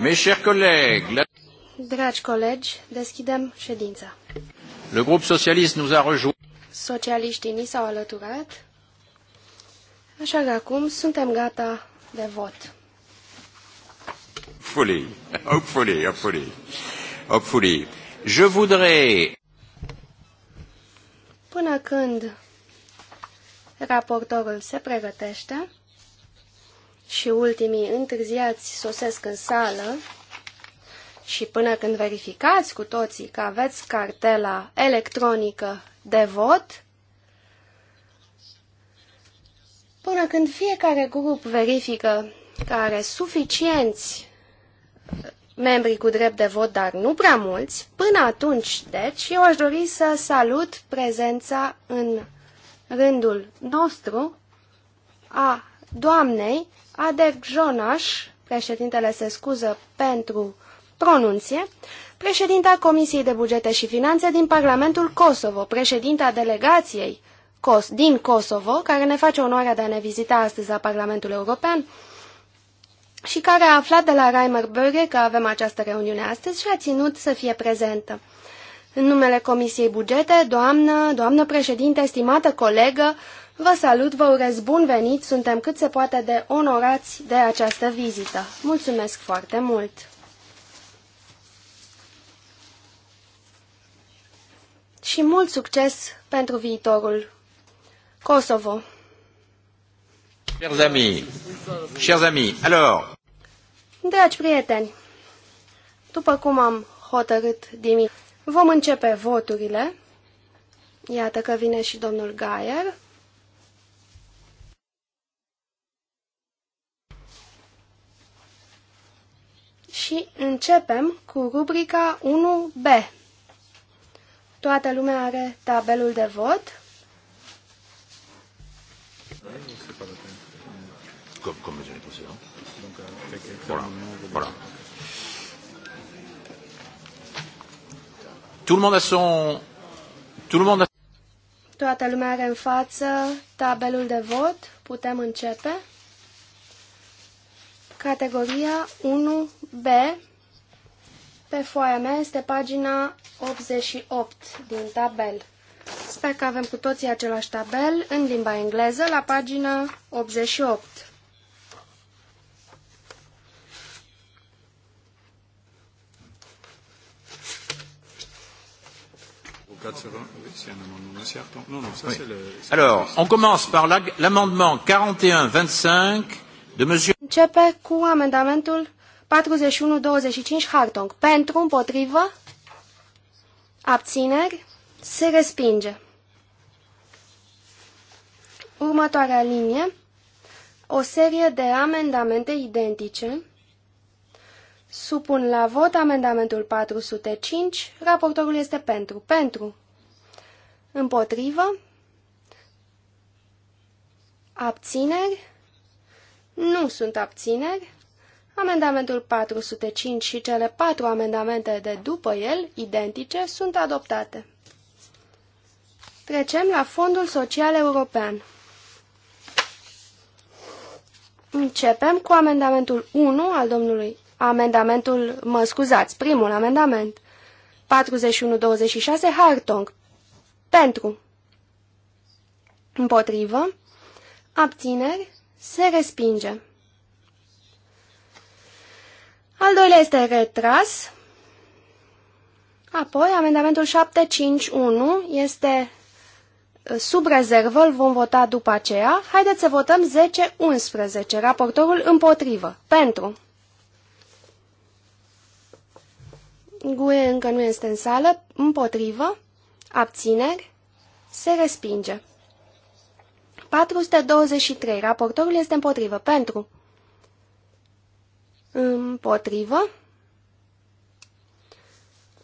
Mes chers collègues, la... Dragi colegi, deschidem ședința. Le grup socialist nous a rejoint. Socialiștii ni s-au alăturat. Așa că acum suntem gata de vot. Hopefully, hopefully, hopefully, hopefully. Je voudrais... Până când raportorul se pregătește, și ultimii întârziați sosesc în sală și până când verificați cu toții că aveți cartela electronică de vot, până când fiecare grup verifică că are suficienți membri cu drept de vot, dar nu prea mulți, până atunci, deci, eu aș dori să salut prezența în rândul nostru a doamnei Adek Jonas, președintele se scuză pentru pronunție, președinta Comisiei de Bugete și Finanțe din Parlamentul Kosovo, președinta delegației Kos din Kosovo, care ne face onoarea de a ne vizita astăzi la Parlamentul European, și care a aflat de la Reimer Böge că avem această reuniune astăzi și a ținut să fie prezentă. În numele Comisiei Bugete, doamnă, doamnă președinte, estimată colegă, Vă salut, vă urez bun venit, suntem cât se poate de onorați de această vizită. Mulțumesc foarte mult! Și mult succes pentru viitorul Kosovo! Chers amis, chers amis, alors... Dragi prieteni, după cum am hotărât dimineața, vom începe voturile. Iată că vine și domnul Gaier. și începem cu rubrica 1B. Toată lumea are tabelul de vot. Toată lumea are în față tabelul de vot. Putem începe. Categoria 1B pe foaia mea este pagina 88 din tabel. Sper că avem cu toții același tabel în limba engleză la pagina 88. Alors, on commence par l'amendement 41-25 de Monsieur. Începe cu amendamentul 4125 Hartong. Pentru, împotrivă, abțineri, se respinge. Următoarea linie, o serie de amendamente identice. Supun la vot amendamentul 405. Raportorul este pentru. Pentru. Împotrivă. Abțineri. Nu sunt abțineri. Amendamentul 405 și cele patru amendamente de după el, identice, sunt adoptate. Trecem la Fondul Social European. Începem cu amendamentul 1 al domnului, amendamentul, mă scuzați, primul amendament, 4126 Hartong, pentru, împotrivă, abțineri, se respinge. Al doilea este retras. Apoi, amendamentul 751 este ă, sub rezervă, îl vom vota după aceea. Haideți să votăm 10-11, raportorul împotrivă, pentru. Gue încă nu este în sală, împotrivă, abțineri, se respinge. 423. Raportorul este împotrivă. Pentru. Împotrivă.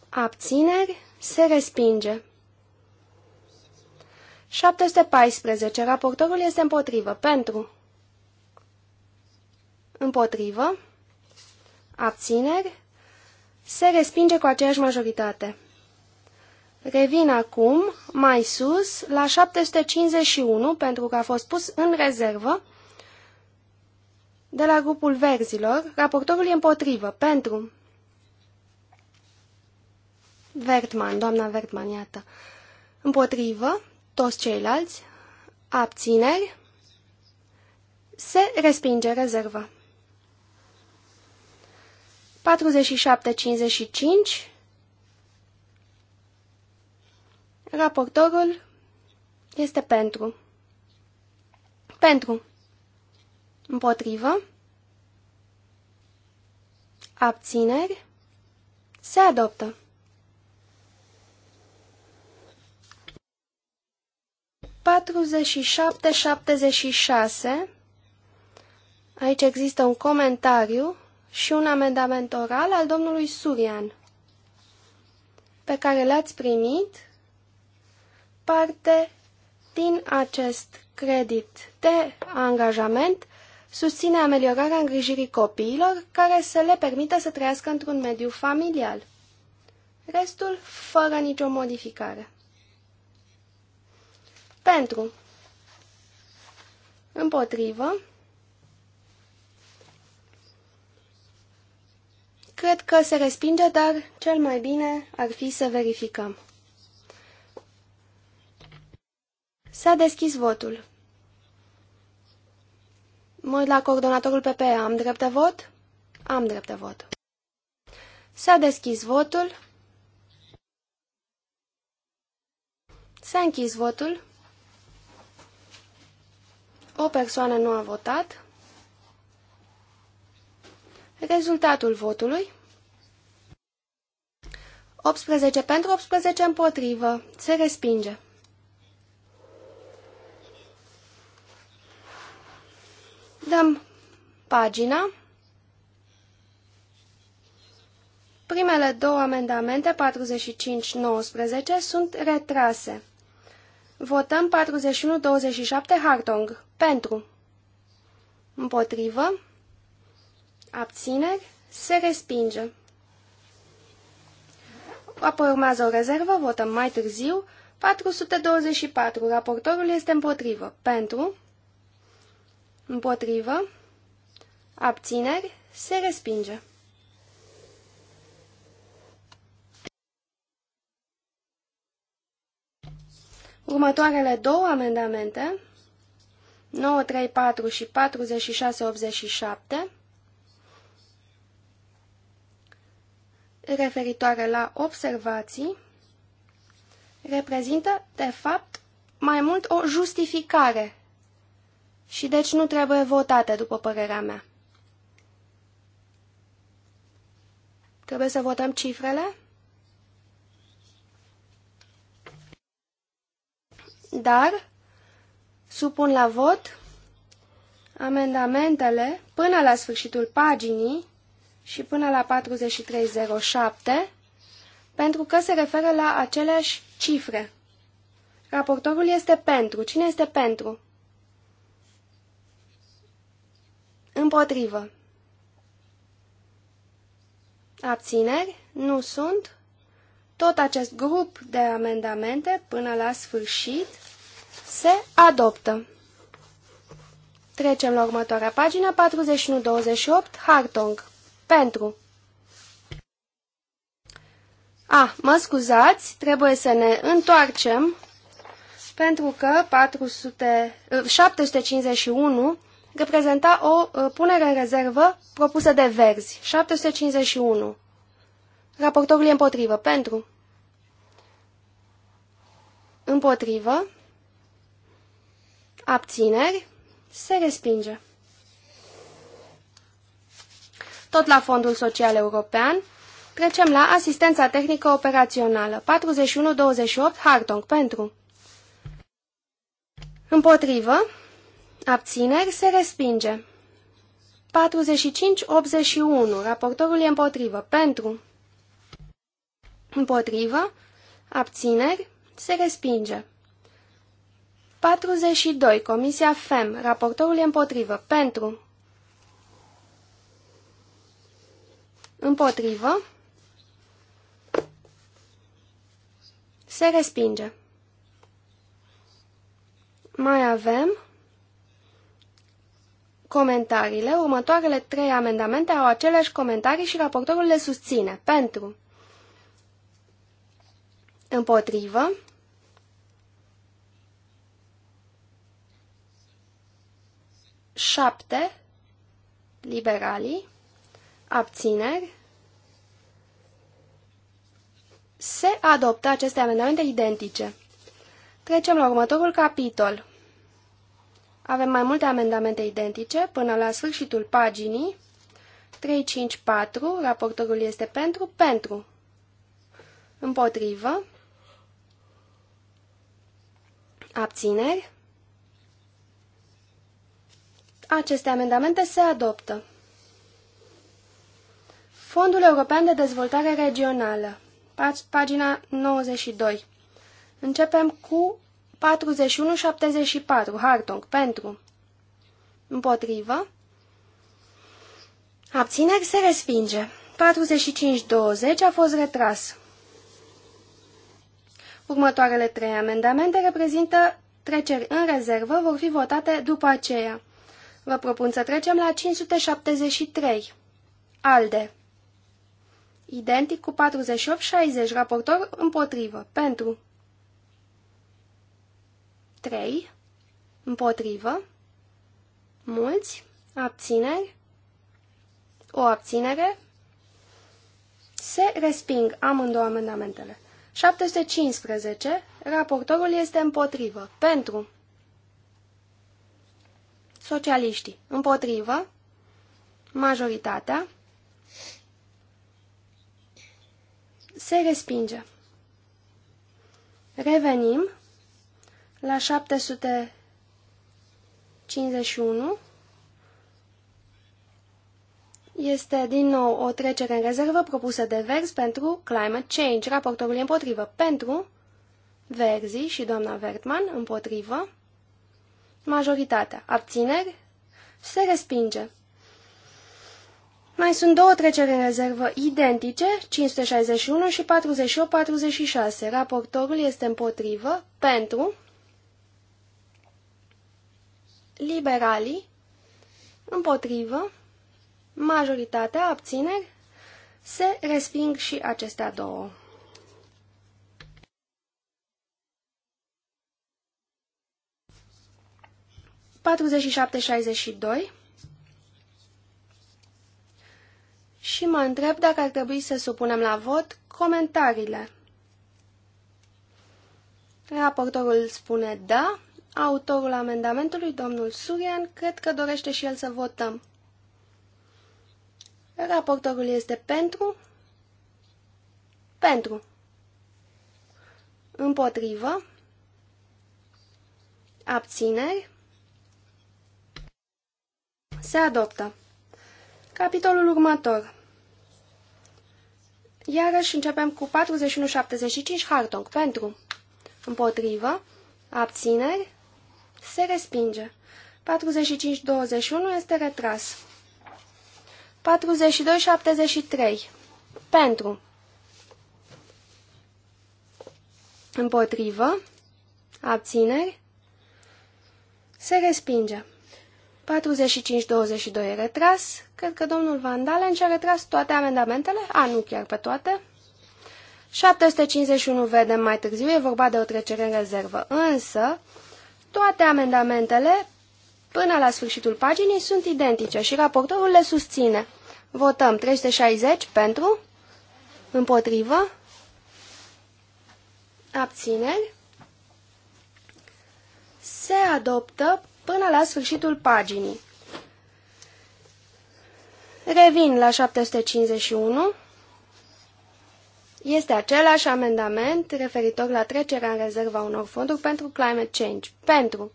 Abțineri. Se respinge. 714. Raportorul este împotrivă. Pentru. Împotrivă. Abțineri. Se respinge cu aceeași majoritate. Revin acum mai sus la 751 pentru că a fost pus în rezervă de la grupul verzilor. Raportorul e împotrivă pentru Vertman, doamna Vertman, iată. Împotrivă, toți ceilalți, abțineri, se respinge rezerva. 47-55 Raportorul este pentru. Pentru. Împotrivă. Abțineri. Se adoptă. șase. Aici există un comentariu și un amendament oral al domnului Surian, pe care l-ați primit parte din acest credit de angajament susține ameliorarea îngrijirii copiilor care să le permită să trăiască într-un mediu familial. Restul fără nicio modificare. Pentru Împotrivă Cred că se respinge, dar cel mai bine ar fi să verificăm. S-a deschis votul. Mă uit la coordonatorul PP. Am drept de vot? Am drept de vot. S-a deschis votul. S-a închis votul. O persoană nu a votat. Rezultatul votului. 18 pentru, 18 împotrivă. Se respinge. Dăm pagina. Primele două amendamente, 45-19, sunt retrase. Votăm 41-27 Hartong. Pentru. Împotrivă. Abțineri. Se respinge. Apoi urmează o rezervă, votăm mai târziu. 424. Raportorul este împotrivă. Pentru. Împotrivă. Abțineri. Se respinge. Următoarele două amendamente, 934 și 4687, referitoare la observații, reprezintă, de fapt, mai mult o justificare și deci nu trebuie votate, după părerea mea. Trebuie să votăm cifrele? Dar supun la vot amendamentele până la sfârșitul paginii și până la 4307 pentru că se referă la aceleași cifre. Raportorul este pentru. Cine este pentru? Împotrivă. Abțineri? Nu sunt. Tot acest grup de amendamente, până la sfârșit, se adoptă. Trecem la următoarea pagină, 41-28, Hartong. Pentru. A, mă scuzați, trebuie să ne întoarcem, pentru că 400, 751 reprezenta o uh, punere în rezervă propusă de verzi, 751. Raportorul e împotrivă. Pentru. Împotrivă. Abțineri. Se respinge. Tot la Fondul Social European, trecem la asistența tehnică operațională, 4128 Hartong, pentru. Împotrivă. Abțineri se respinge. 45-81. Raportorul e împotrivă. Pentru. Împotrivă. Abțineri se respinge. 42. Comisia FEM. Raportorul e împotrivă. Pentru. Împotrivă. Se respinge. Mai avem comentariile. Următoarele trei amendamente au aceleași comentarii și raportorul le susține. Pentru. Împotrivă. Șapte. Liberalii. Abțineri. Se adoptă aceste amendamente identice. Trecem la următorul capitol. Avem mai multe amendamente identice până la sfârșitul paginii. 4. raportorul este pentru, pentru. Împotrivă. Abțineri. Aceste amendamente se adoptă. Fondul European de Dezvoltare Regională, pagina 92. Începem cu 41-74, Hartung, pentru. Împotrivă. Abțineri se respinge. 45-20 a fost retras. Următoarele trei amendamente reprezintă treceri în rezervă, vor fi votate după aceea. Vă propun să trecem la 573. ALDE. Identic cu 48-60, raportor împotrivă, pentru. 3. Împotrivă. Mulți. Abțineri. O abținere. Se resping amândouă amendamentele. 715. Raportorul este împotrivă. Pentru. Socialiștii. Împotrivă. Majoritatea. Se respinge. Revenim la 751 este din nou o trecere în rezervă propusă de Verzi pentru Climate Change. Raportorul e împotrivă pentru Verzi și doamna Vertman împotrivă. Majoritatea. Abțineri? Se respinge. Mai sunt două treceri în rezervă identice, 561 și 48-46. Raportorul este împotrivă, pentru, liberalii, împotrivă, majoritatea, abțineri, se resping și acestea două. și doi și mă întreb dacă ar trebui să supunem la vot comentariile. Raportorul spune da. Autorul amendamentului, domnul Surian, cred că dorește și el să votăm. Raportorul este pentru? Pentru. Împotrivă? Abțineri? Se adoptă. Capitolul următor. Iarăși începem cu 41.75 Hartong. Pentru. Împotrivă. Abțineri. Se respinge. 45-21 este retras. 42-73. Pentru. Împotrivă. Abțineri. Se respinge. 45-22 e retras. Cred că domnul Van Dalen și-a retras toate amendamentele. A, nu chiar pe toate. 751 vedem mai târziu, e vorba de o trecere în rezervă. Însă, toate amendamentele, până la sfârșitul paginii, sunt identice și raportorul le susține. Votăm 360 pentru, împotrivă, abțineri, se adoptă până la sfârșitul paginii. Revin la 751. Este același amendament referitor la trecerea în rezerva unor fonduri pentru climate change. Pentru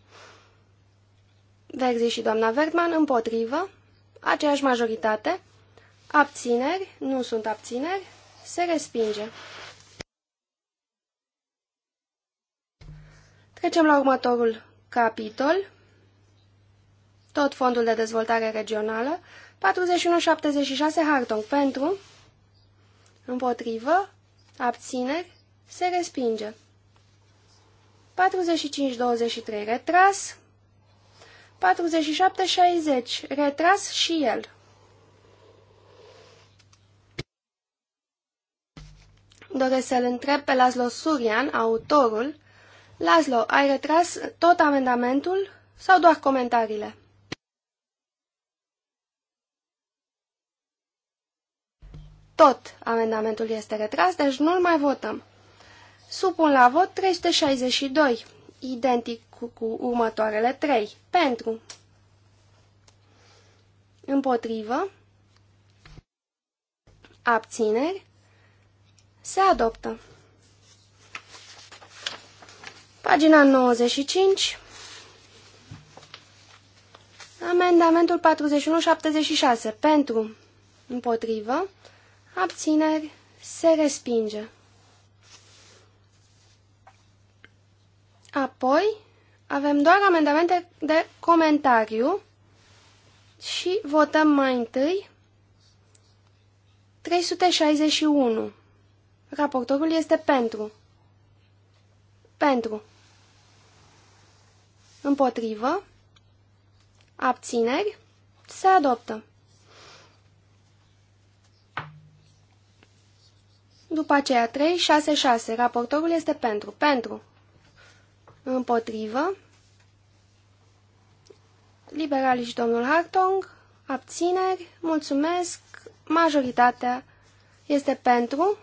Verzi și doamna Verdman, împotrivă, aceeași majoritate, abțineri, nu sunt abțineri, se respinge. Trecem la următorul capitol, tot fondul de dezvoltare regională, 4176 Hartong pentru, împotrivă, abțineri, se respinge. 45-23 retras, 47-60 retras și el. Doresc să-l întreb pe Laszlo Surian, autorul. Laszlo, ai retras tot amendamentul sau doar comentariile? Tot amendamentul este retras, deci nu-l mai votăm. Supun la vot 362, identic cu, cu următoarele 3. Pentru. Împotrivă. Abțineri. Se adoptă. Pagina 95. Amendamentul 4176. Pentru. Împotrivă abțineri, se respinge. Apoi, avem doar amendamente de comentariu și votăm mai întâi 361. Raportorul este pentru. Pentru. Împotrivă. Abțineri. Se adoptă. După aceea 3, 6, 6. Raportorul este pentru. Pentru. Împotrivă. Liberali și domnul Hartong. Abțineri. Mulțumesc. Majoritatea este pentru.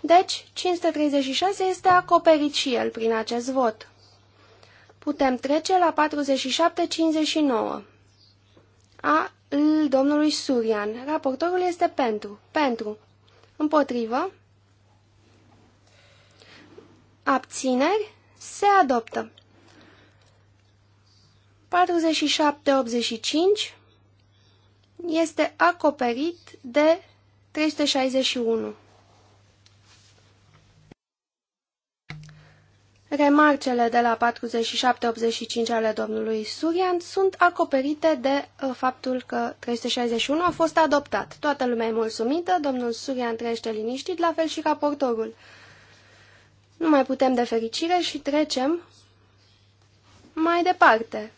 Deci, 536 este acoperit și el prin acest vot. Putem trece la 47-59. A, l, domnului Surian. Raportorul este pentru. Pentru. Împotrivă. Abțineri. Se adoptă. 4785 este acoperit de 361. Remarcele de la 47-85 ale domnului Surian sunt acoperite de uh, faptul că 361 a fost adoptat. Toată lumea e mulțumită, domnul Surian trăiește liniștit, la fel și raportorul. Nu mai putem de fericire și trecem mai departe.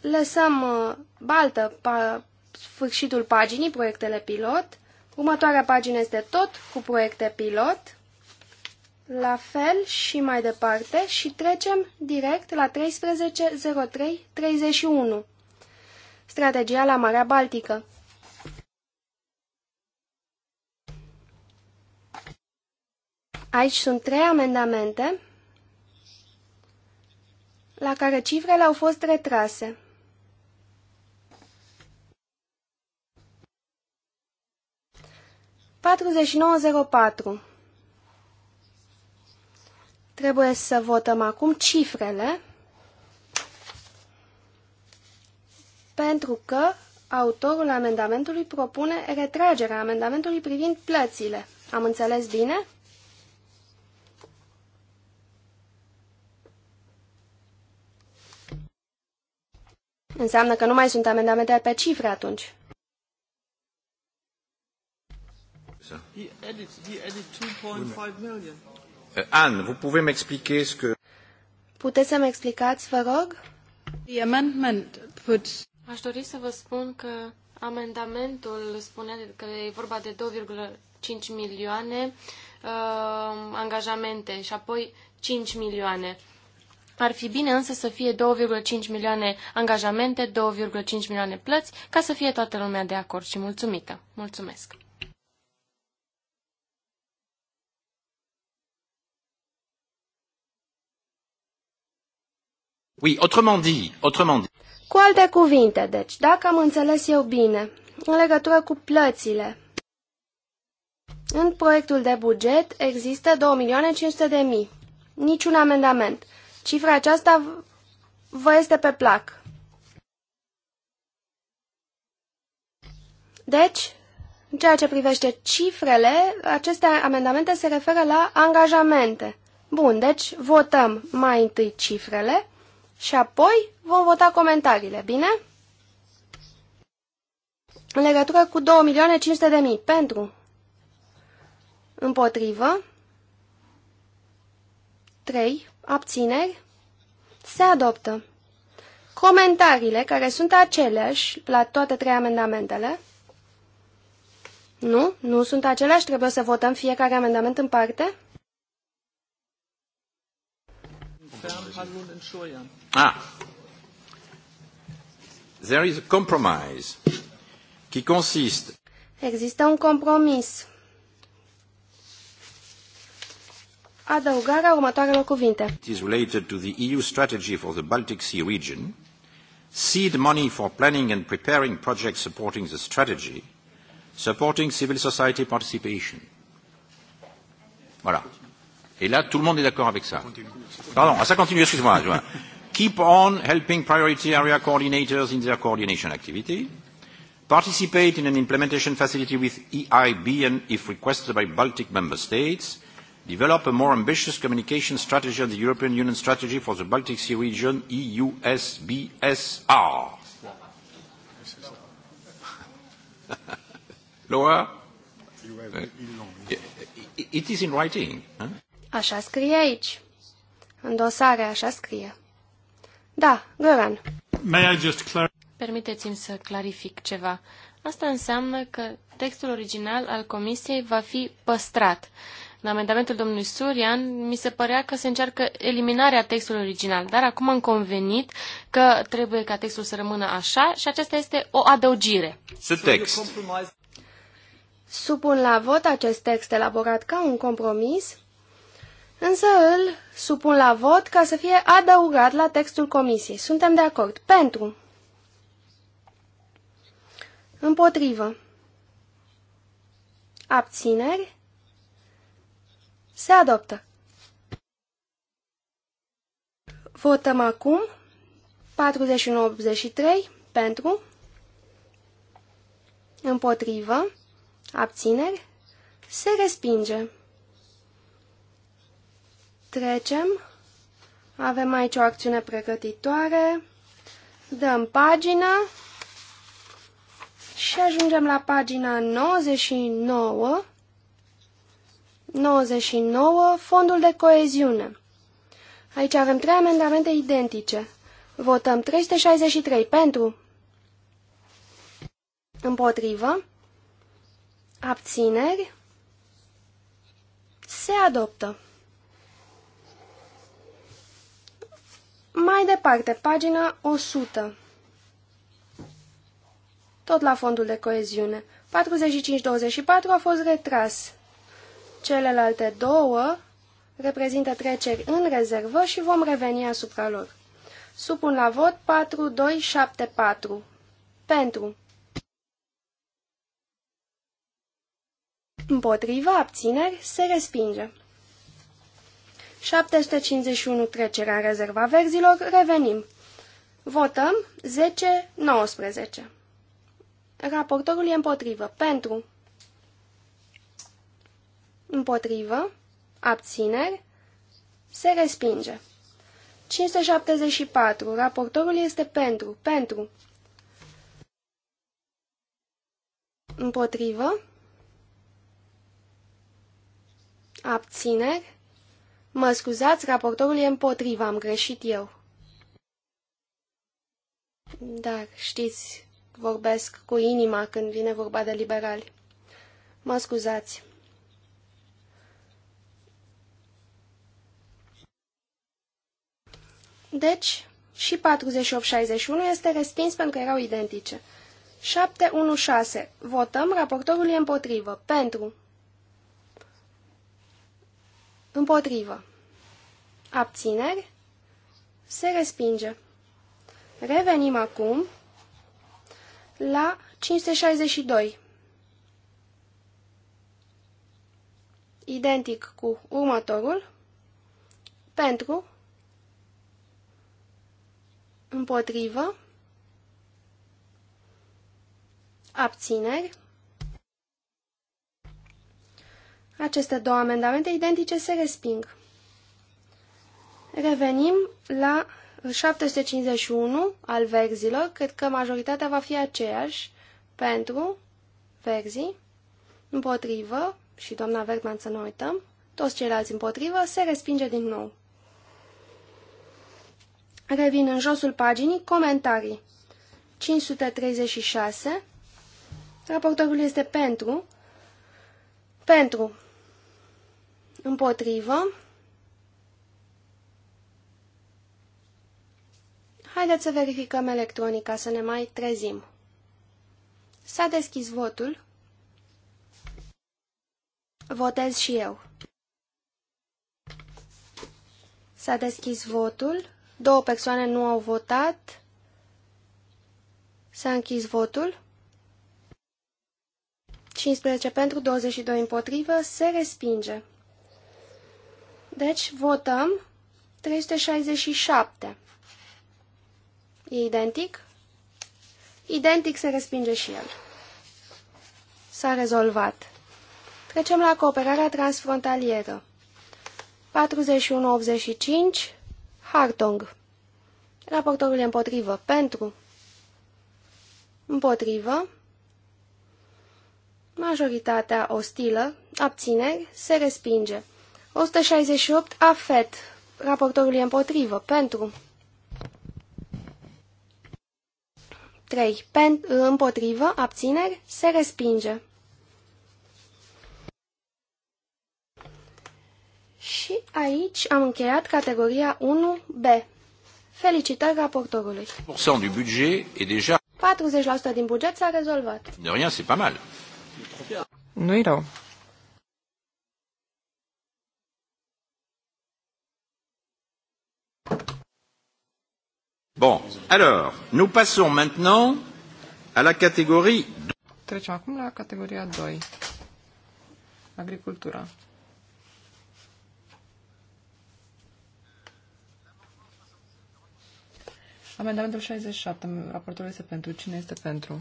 Lăsăm uh, baltă pa, sfârșitul paginii, proiectele pilot. Următoarea pagină este tot cu proiecte pilot. La fel și mai departe și trecem direct la 13.03.31. Strategia la Marea Baltică. Aici sunt trei amendamente la care cifrele au fost retrase. patru Trebuie să votăm acum cifrele, pentru că autorul amendamentului propune retragerea amendamentului privind plățile. Am înțeles bine? Înseamnă că nu mai sunt amendamente pe cifre atunci. He edit, 2.5 million. Euh, Anne, vous pouvez m'expliquer ce que... Puteți să-mi explicați, vă rog? The amendment puts... Aș dori să vă spun că amendamentul spunea că e vorba de 2,5 milioane uh, angajamente și apoi 5 milioane. Ar fi bine însă să fie 2,5 milioane angajamente, 2,5 milioane plăți, ca să fie toată lumea de acord și mulțumită. Mulțumesc! Oui, autrement dit, autrement dit. Cu alte cuvinte, deci, dacă am înțeles eu bine, în legătură cu plățile, în proiectul de buget există 2.500.000. Niciun amendament. Cifra aceasta vă este pe plac. Deci, în ceea ce privește cifrele, aceste amendamente se referă la angajamente. Bun, deci votăm mai întâi cifrele și apoi vom vota comentariile, bine? În legătură cu 2.500.000 pentru împotrivă 3. Abțineri se adoptă. Comentariile care sunt aceleași la toate trei amendamentele nu, nu sunt aceleași, trebuie să votăm fiecare amendament în parte? Ah. There is a compromise qui consiste Există un compromis. Adăugarea următoarelor cuvinte. It is related to the EU strategy for the Baltic Sea region. Seed money for planning and preparing projects supporting the strategy, supporting civil society participation. Voilà. Et là, tout le monde est d'accord avec ça. Pardon, ah, ça continue, excuse-moi. Keep on helping priority area coordinators in their coordination activity. Participate in an implementation facility with EIB and if requested by Baltic member states. Develop a more ambitious communication strategy on the European Union strategy for the Baltic Sea region, EUSBSR. Lower? It is in writing. Huh? Așa scrie aici. În dosare așa scrie. Da, Goran. May I just clar- Permiteți-mi să clarific ceva. Asta înseamnă că textul original al comisiei va fi păstrat. În amendamentul domnului Surian mi se părea că se încearcă eliminarea textului original, dar acum am convenit că trebuie ca textul să rămână așa și aceasta este o adăugire. Text. Supun la vot acest text elaborat ca un compromis însă îl supun la vot ca să fie adăugat la textul comisiei. Suntem de acord. Pentru. Împotrivă. Abțineri. Se adoptă. Votăm acum 4183 pentru, împotrivă, abțineri, se respinge. Trecem. Avem aici o acțiune pregătitoare. Dăm pagina și ajungem la pagina 99. 99, fondul de coeziune. Aici avem trei amendamente identice. Votăm 363 pentru, împotrivă, abțineri, se adoptă. Mai departe, pagina 100. Tot la fondul de coeziune. 45-24 a fost retras. Celelalte două reprezintă treceri în rezervă și vom reveni asupra lor. Supun la vot 4274. Pentru. Împotriva abțineri se respinge. 751 trecerea în rezerva verzilor, revenim. Votăm 10-19. Raportorul e împotrivă. Pentru. Împotrivă. Abțineri. Se respinge. 574. Raportorul este pentru. Pentru. Împotrivă. Abțineri. Mă scuzați, raportorul e împotriva, am greșit eu. Dar, știți, vorbesc cu inima când vine vorba de liberali. Mă scuzați. Deci, și 4861 este respins pentru că erau identice. 716. Votăm, raportorul e împotrivă. Pentru. Împotrivă. Abțineri. Se respinge. Revenim acum la 562. Identic cu următorul. Pentru. Împotrivă. Abțineri. Aceste două amendamente identice se resping. Revenim la 751 al verzilor, cred că majoritatea va fi aceeași pentru verzii, împotrivă, și doamna Vergman să nu uităm, toți ceilalți împotrivă, se respinge din nou. Revin în josul paginii comentarii. 536. Raportorul este pentru. Pentru. Împotrivă. Haideți să verificăm electronica, să ne mai trezim. S-a deschis votul. Votez și eu. S-a deschis votul. Două persoane nu au votat. S-a închis votul. 15 pentru, 22 împotrivă. Se respinge. Deci votăm 367. E identic? Identic se respinge și el. S-a rezolvat. Trecem la cooperarea transfrontalieră. 4185 Hartong. Raportorul e împotrivă. Pentru. Împotrivă. Majoritatea ostilă. Abțineri. Se respinge. 168. AFET. Raportorul e împotrivă. Pentru. 3. Pen, împotrivă. Abțineri. Se respinge. Și aici am încheiat categoria 1B. Felicitări raportorului. du budget e deja... 40% din buget s-a rezolvat. De rien, c'est pas mal. Nu-i rău. nous passons maintenant à la catégorie... Trecem acum la categoria 2. Agricultura. Amendamentul 67. Raportul este pentru. Cine este pentru?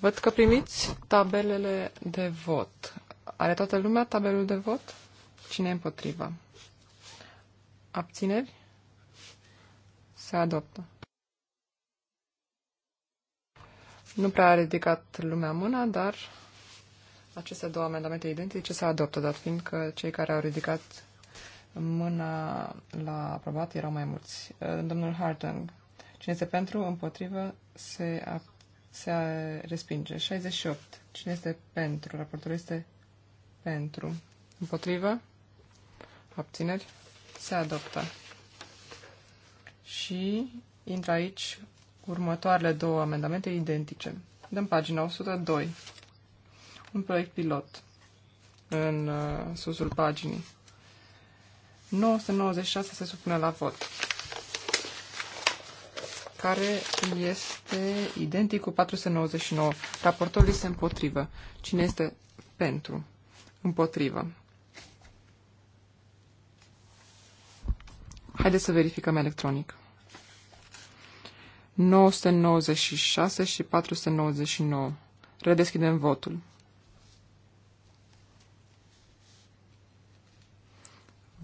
Văd că primiți tabelele de vot. Are toată lumea tabelul de vot? Cine e împotriva? Abțineri? Se adoptă. Nu prea a ridicat lumea mâna, dar aceste două amendamente identice se adoptă, dat fiindcă cei care au ridicat mâna la aprobat erau mai mulți. Uh, domnul Hartung, cine este pentru, împotrivă, se, a, se a, respinge. 68. Cine este pentru? Raportul este pentru. Împotrivă, abțineri, se adoptă. Și intră aici următoarele două amendamente identice. Dăm pagina 102. Un proiect pilot în uh, susul paginii. 996 se supune la vot care este identic cu 499. Raportorul este împotrivă. Cine este pentru? Împotrivă. Haideți să verificăm electronic. 996 și 499. Redeschidem votul.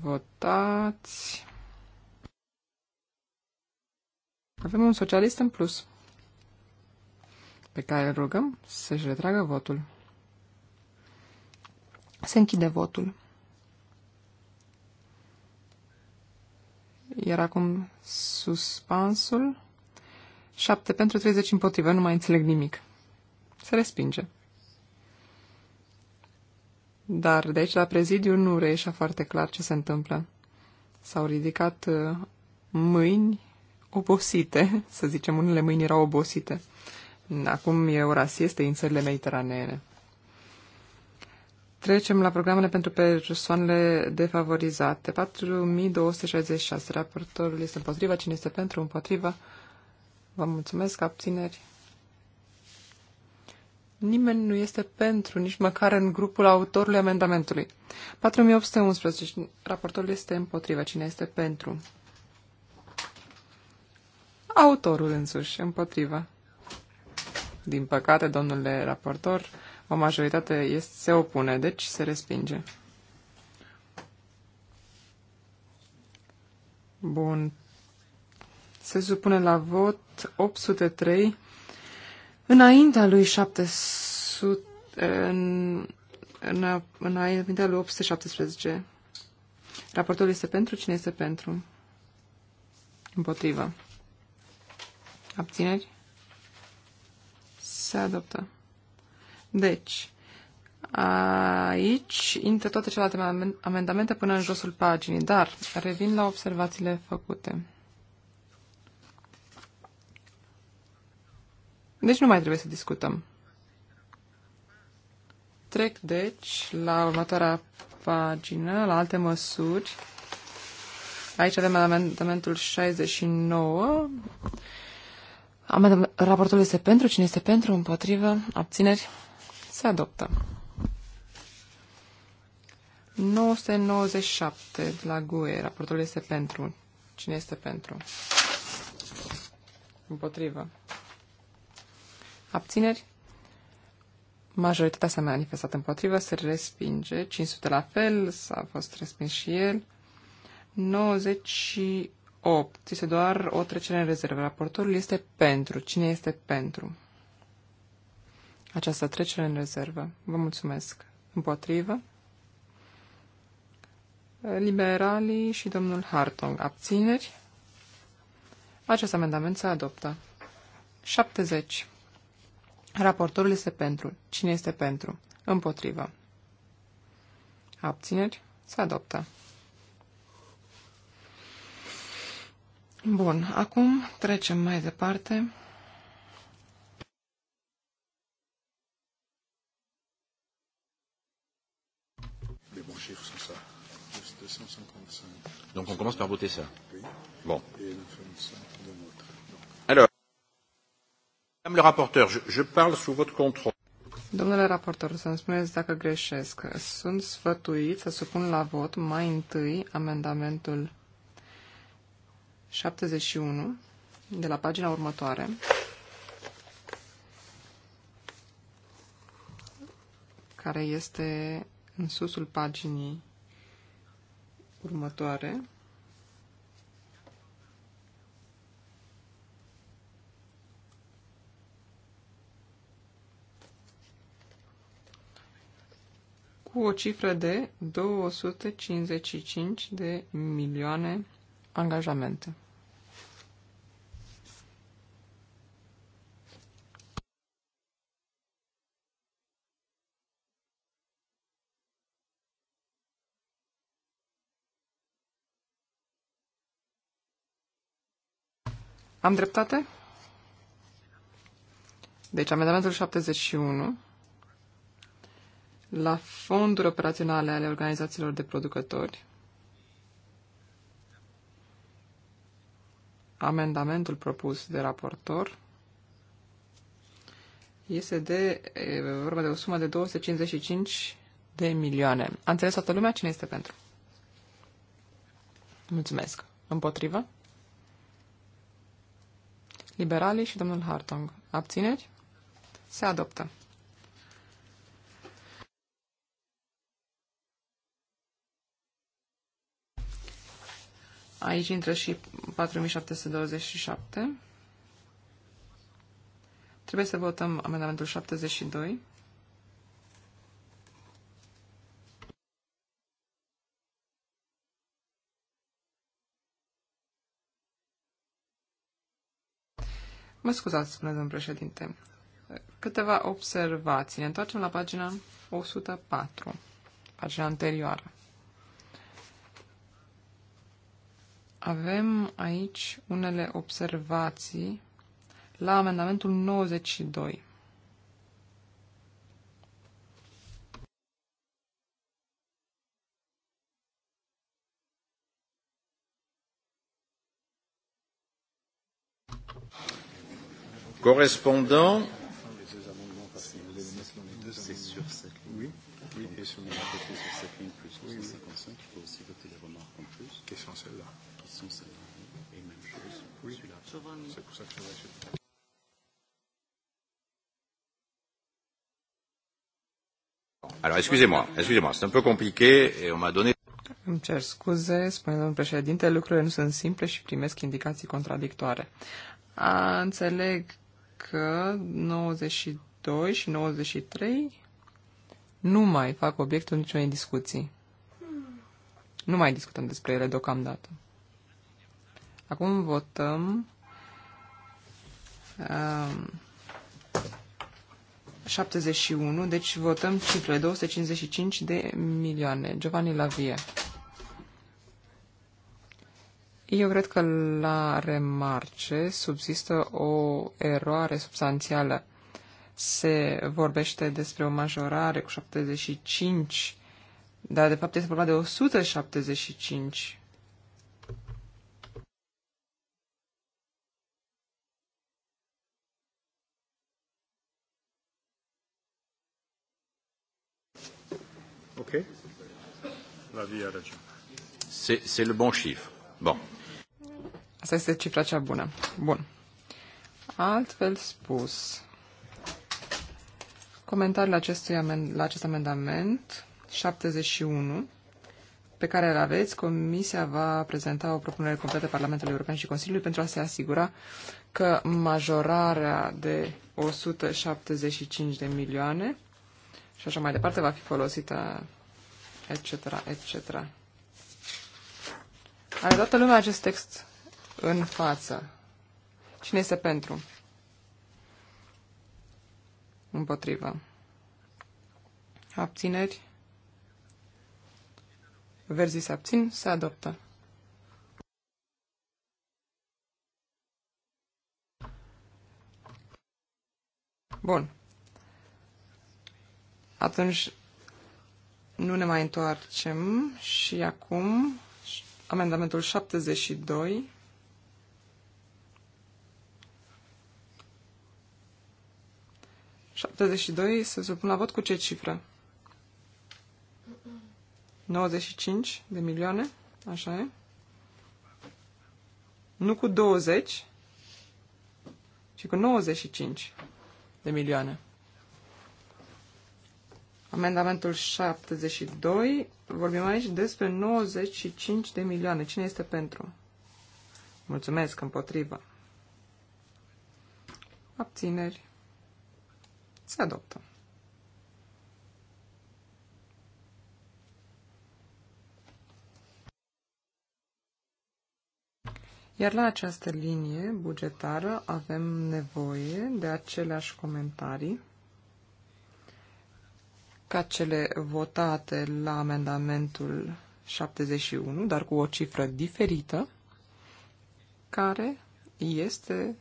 Votați. Avem un socialist în plus, pe care îl rugăm să-și retragă votul. Se închide votul. Iar acum suspansul. 7 pentru 30 împotrivă, nu mai înțeleg nimic. Se respinge. Dar de aici la prezidiu nu reieșea foarte clar ce se întâmplă. S-au ridicat uh, mâini obosite, să zicem, unele mâini erau obosite. Acum e ora sieste în țările mediteraneene. Trecem la programele pentru persoanele defavorizate. 4266. Raportorul este împotriva. Cine este pentru? Împotriva. Vă mulțumesc. Abțineri. Nimeni nu este pentru, nici măcar în grupul autorului amendamentului. 4811. Raportorul este împotriva. Cine este pentru? Autorul însuși, împotriva. Din păcate, domnule raportor, o majoritate este, se opune, deci se respinge. Bun. Se supune la vot 803 înaintea lui 700 în, în, înaintea lui 817. Raportul este pentru? Cine este pentru? Împotrivă. Abțineri? Se adoptă. Deci, aici intră toate celelalte amendamente până în josul paginii, dar revin la observațiile făcute. Deci nu mai trebuie să discutăm. Trec, deci, la următoarea pagină, la alte măsuri. Aici avem amendamentul 69. Amendament, raportul este pentru. Cine este pentru? Împotrivă? Abțineri? Se adoptă. 997 de la GUE. Raportul este pentru. Cine este pentru? Împotrivă. Abțineri? Majoritatea s-a manifestat împotrivă, se respinge. 500 la fel, s-a fost respins și el. 98. Este doar o trecere în rezervă. Raportorul este pentru. Cine este pentru? această trecere în rezervă. Vă mulțumesc. Împotrivă. Liberalii și domnul Hartong. Abțineri. Acest amendament se adoptă. 70. Raportorul este pentru. Cine este pentru? Împotrivă. Abțineri. Se adoptă. Bun, acum trecem mai departe Donc on commence par voter ça. Bon. Alors, Madame le rapporteur, je, je parle sous votre contrôle. Domnule raportor, să-mi spuneți dacă greșesc. Sunt sfătuit să supun la vot mai întâi amendamentul 71 de la pagina următoare. care este în susul paginii următoare. cu o cifră de 255 de milioane angajamente. Am dreptate? Deci, amendamentul 71 la fonduri operaționale ale organizațiilor de producători. Amendamentul propus de raportor este de, e vorba de o sumă de 255 de milioane. A înțeles toată lumea cine este pentru? Mulțumesc. Împotrivă? liberalii și domnul Hartong. Abțineri? Se adoptă. Aici intră și 4727. Trebuie să votăm amendamentul 72. Mă scuzați, spune domnul președinte. Câteva observații. Ne întoarcem la pagina 104, pagina anterioară. Avem aici unele observații la amendamentul 92. correspondant Alors, excusez-moi, excusez-moi, c'est un peu compliqué et on m'a donné... Îmi cer scuze, spune domnul președinte, lucrurile nu sunt simple și primesc indicații contradictoare. A, înțeleg că 92 și 93 nu mai fac obiectul niciunei discuții. Nu mai discutăm despre ele deocamdată. Acum votăm um, 71, deci votăm cifrele 255 de milioane. Giovanni Lavia. Eu cred că la remarce subzistă o eroare substanțială. Se vorbește despre o majorare cu 75, dar de fapt este vorba de 175 Ok. La vie à la C'est le bon chiffre. Bon. Asta este cifra cea bună. Bun. Altfel spus, comentariul acestui amend- la acest amendament 71 pe care îl aveți, Comisia va prezenta o propunere completă Parlamentului European și Consiliului pentru a se asigura că majorarea de 175 de milioane și așa mai departe va fi folosită etc. etc. Are toată lumea acest text în față. Cine este pentru? Împotrivă. Abțineri. Verzii se abțin, se adoptă. Bun. Atunci nu ne mai întoarcem și acum amendamentul 72 72 se supun la vot cu ce cifră? 95 de milioane, așa e. Nu cu 20, ci cu 95 de milioane. Amendamentul 72, vorbim aici despre 95 de milioane. Cine este pentru? Mulțumesc, împotrivă. Abțineri. Se adoptă. Iar la această linie bugetară avem nevoie de aceleași comentarii ca cele votate la amendamentul 71, dar cu o cifră diferită, care este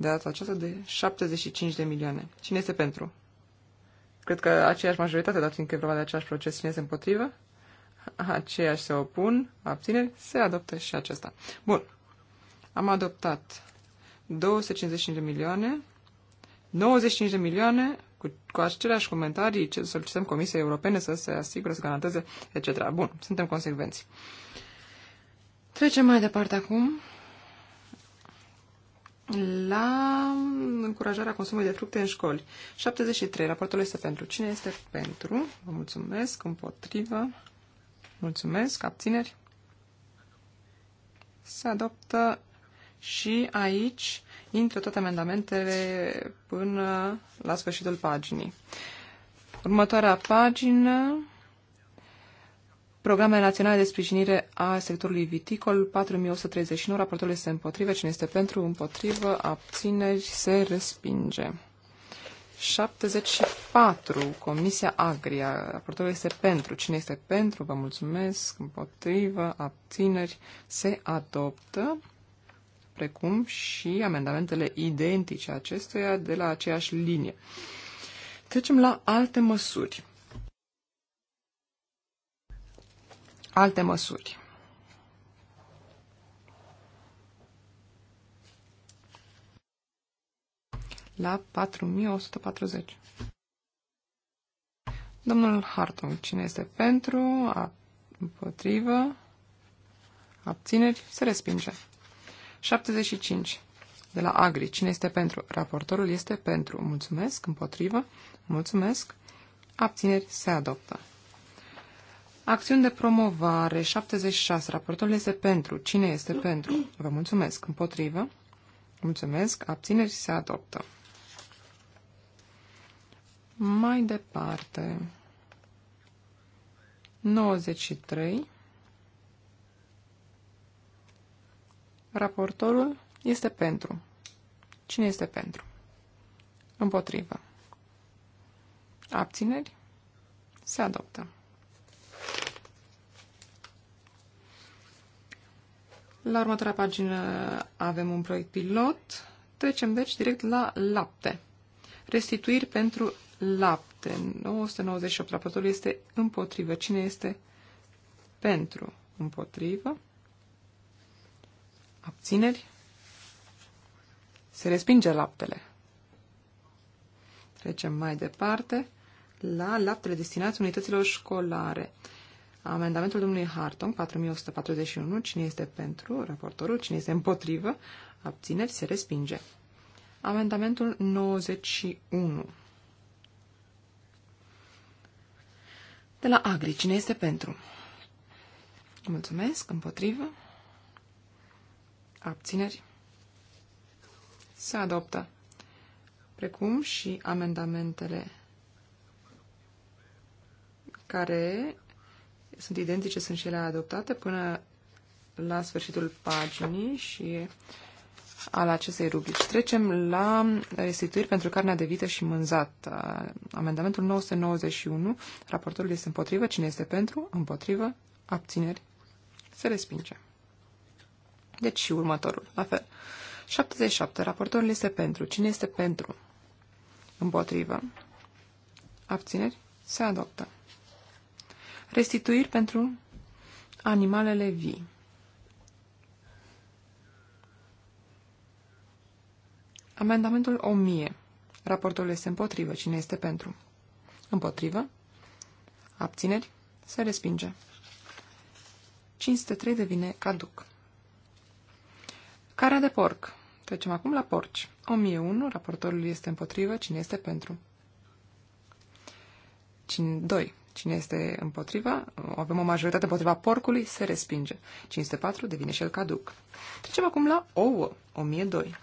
de data aceasta de 75 de milioane. Cine este pentru? Cred că aceeași majoritate, dar fiindcă e vorba de același proces, cine se împotrivă? Aceiași se opun, abțineri, se adoptă și acesta. Bun. Am adoptat 255 de milioane, 95 de milioane cu, cu aceleași comentarii ce solicităm Comisiei Europene să se asigure, să garanteze, etc. Bun, suntem consecvenți. Trecem mai departe acum la încurajarea consumului de fructe în școli. 73. Raportul este pentru. Cine este pentru? Vă mulțumesc. Împotrivă. Mulțumesc. Abțineri. Se adoptă și aici intră toate amendamentele până la sfârșitul paginii. Următoarea pagină, Programe naționale de sprijinire a sectorului viticol, 4139, raportul este împotrivă, cine este pentru, împotrivă, abțineri, se respinge. 74, Comisia Agria, raportul este pentru, cine este pentru, vă mulțumesc, împotrivă, abțineri, se adoptă, precum și amendamentele identice acestuia de la aceeași linie. Trecem la alte măsuri. alte măsuri. La 4140. Domnul Hartung, cine este pentru, a, împotrivă, abțineri, se respinge. 75. De la Agri, cine este pentru? Raportorul este pentru. Mulțumesc, împotrivă, mulțumesc, abțineri, se adoptă. Acțiuni de promovare, 76. Raportul este pentru. Cine este pentru? Vă mulțumesc. Împotrivă? Mulțumesc. Abțineri se adoptă. Mai departe. 93. Raportorul este pentru. Cine este pentru? Împotrivă. Abțineri? Se adoptă. La următoarea pagină avem un proiect pilot. Trecem deci direct la lapte. Restituiri pentru lapte. 998. Raportul este împotrivă. Cine este pentru? Împotrivă. Abțineri. Se respinge laptele. Trecem mai departe la laptele destinați unităților școlare. Amendamentul domnului Hartong, 4141, cine este pentru, raportorul, cine este împotrivă, abțineri, se respinge. Amendamentul 91. De la Agri, cine este pentru? Mulțumesc, împotrivă, abțineri, se adoptă, precum și amendamentele care sunt identice, sunt și ele adoptate până la sfârșitul paginii și al acestei rubrici. Trecem la restituiri pentru carnea de vită și mânzat. Amendamentul 991. Raportorul este împotrivă. Cine este pentru? Împotrivă. Abțineri. Se respinge. Deci și următorul. La fel. 77. Raportorul este pentru. Cine este pentru? Împotrivă. Abțineri. Se adoptă restituiri pentru animalele vii. Amendamentul 1000. Raportul este împotrivă. Cine este pentru? Împotrivă. Abțineri. Se respinge. 503 devine caduc. Carea de porc. Trecem acum la porci. 1001. Raportorul este împotrivă. Cine este pentru? 2. Cine este împotriva, avem o majoritate împotriva porcului, se respinge. 504 devine și el caduc. Trecem acum la ouă, 1002.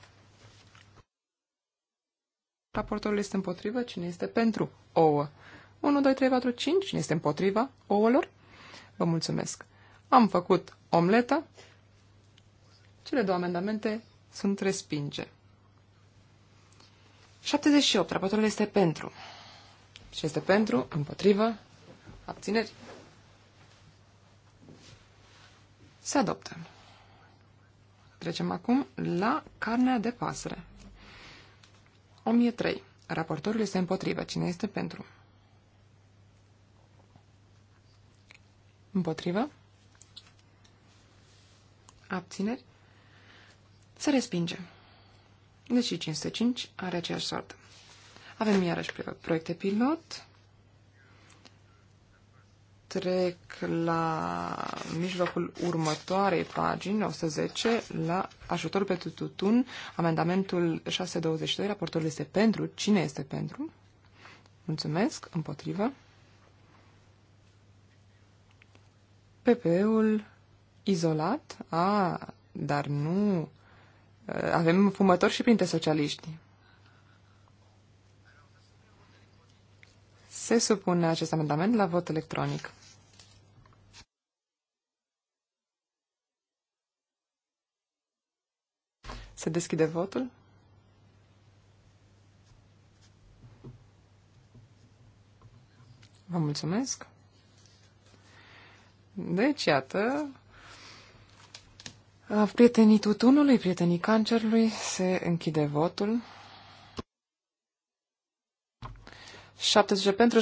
Raportorul este împotriva, cine este pentru ouă? 1, 2, 3, 4, 5, cine este împotriva ouălor? Vă mulțumesc. Am făcut omleta. Cele două amendamente sunt respinge. 78. Raportul este pentru. Și este pentru, împotrivă, Abțineri? Se adoptă. Trecem acum la carnea de pasăre. 1003. Raportorul este împotrivă. Cine este pentru? Împotrivă? Abțineri? Se respinge. Deci 505 are aceeași soartă. Avem iarăși proiecte pilot trec la mijlocul următoarei pagini, 110, la ajutor pentru tutun, amendamentul 622, raportul este pentru. Cine este pentru? Mulțumesc. Împotrivă. PP-ul izolat? A, dar nu. Avem fumători și printre socialiști. Se supune acest amendament la vot electronic. Se deschide votul. Vă mulțumesc. Deci, iată, prietenii tutunului, prietenii cancerului, se închide votul. 70 pentru,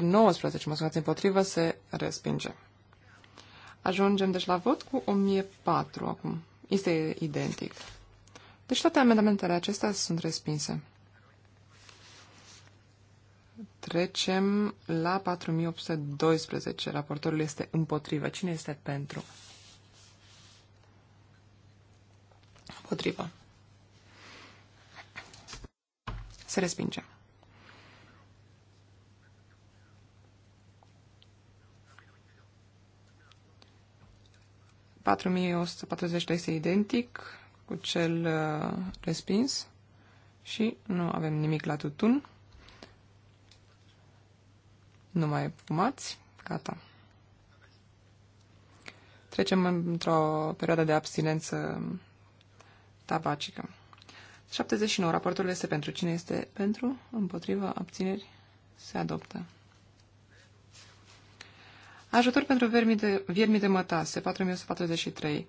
19, ă, mă scuzați, împotrivă, se respinge. Ajungem deci la vot cu 1004 acum. Este identic. Deci toate amendamentele acestea sunt respinse. Trecem la 4812. Raportorul este împotrivă. Cine este pentru? Împotrivă. Se respinge. patru este identic, cu cel uh, respins și nu avem nimic la tutun. Nu mai fumați. Gata. Trecem într-o perioadă de abstinență tabacică. 79. Raportul este pentru. Cine este pentru? Împotriva abțineri? Se adoptă. Ajutor pentru viermi de, viermi de mătase, 4143.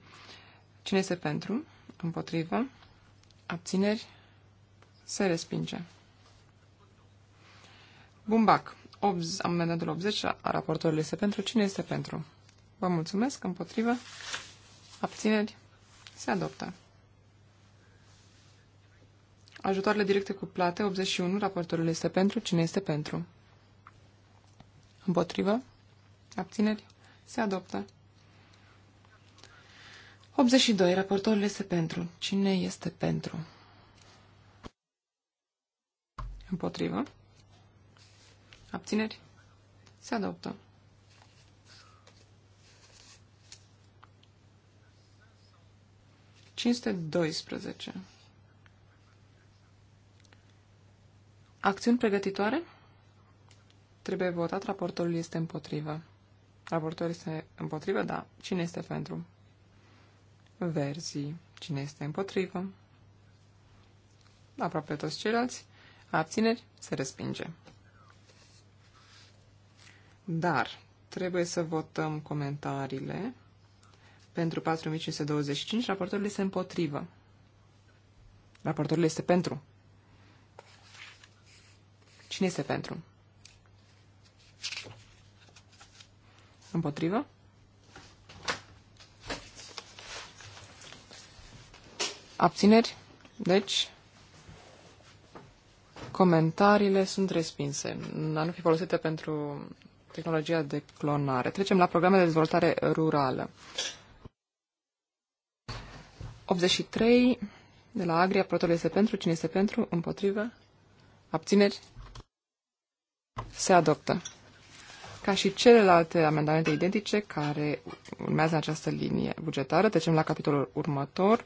Cine este pentru? Împotrivă. Abțineri. Se respinge. Bumbac. amendatul 80 a raportorului este pentru. Cine este pentru? Vă mulțumesc. Împotrivă. Abțineri. Se adoptă. Ajutoarele directe cu plate. 81. Raportorul este pentru. Cine este pentru? Împotrivă. Abțineri. Se adoptă. 82. Raportorul este pentru. Cine este pentru? Împotrivă. Abțineri. Se adoptă. Cinste 12. Acțiuni pregătitoare? Trebuie votat, raportorul este împotrivă. Raportorul este împotrivă, da. Cine este pentru? verzii. Cine este împotrivă? Aproape toți ceilalți. Abțineri? Se respinge. Dar trebuie să votăm comentariile. Pentru 4525, raportorul este împotrivă. Raportorul este pentru. Cine este pentru? Împotrivă? Abțineri? Deci, comentariile sunt respinse. A nu fi folosite pentru tehnologia de clonare. Trecem la programe de dezvoltare rurală. 83 de la Agria, prototul este pentru, cine este pentru, împotrivă, abțineri, se adoptă. Ca și celelalte amendamente identice care urmează această linie bugetară, trecem la capitolul următor,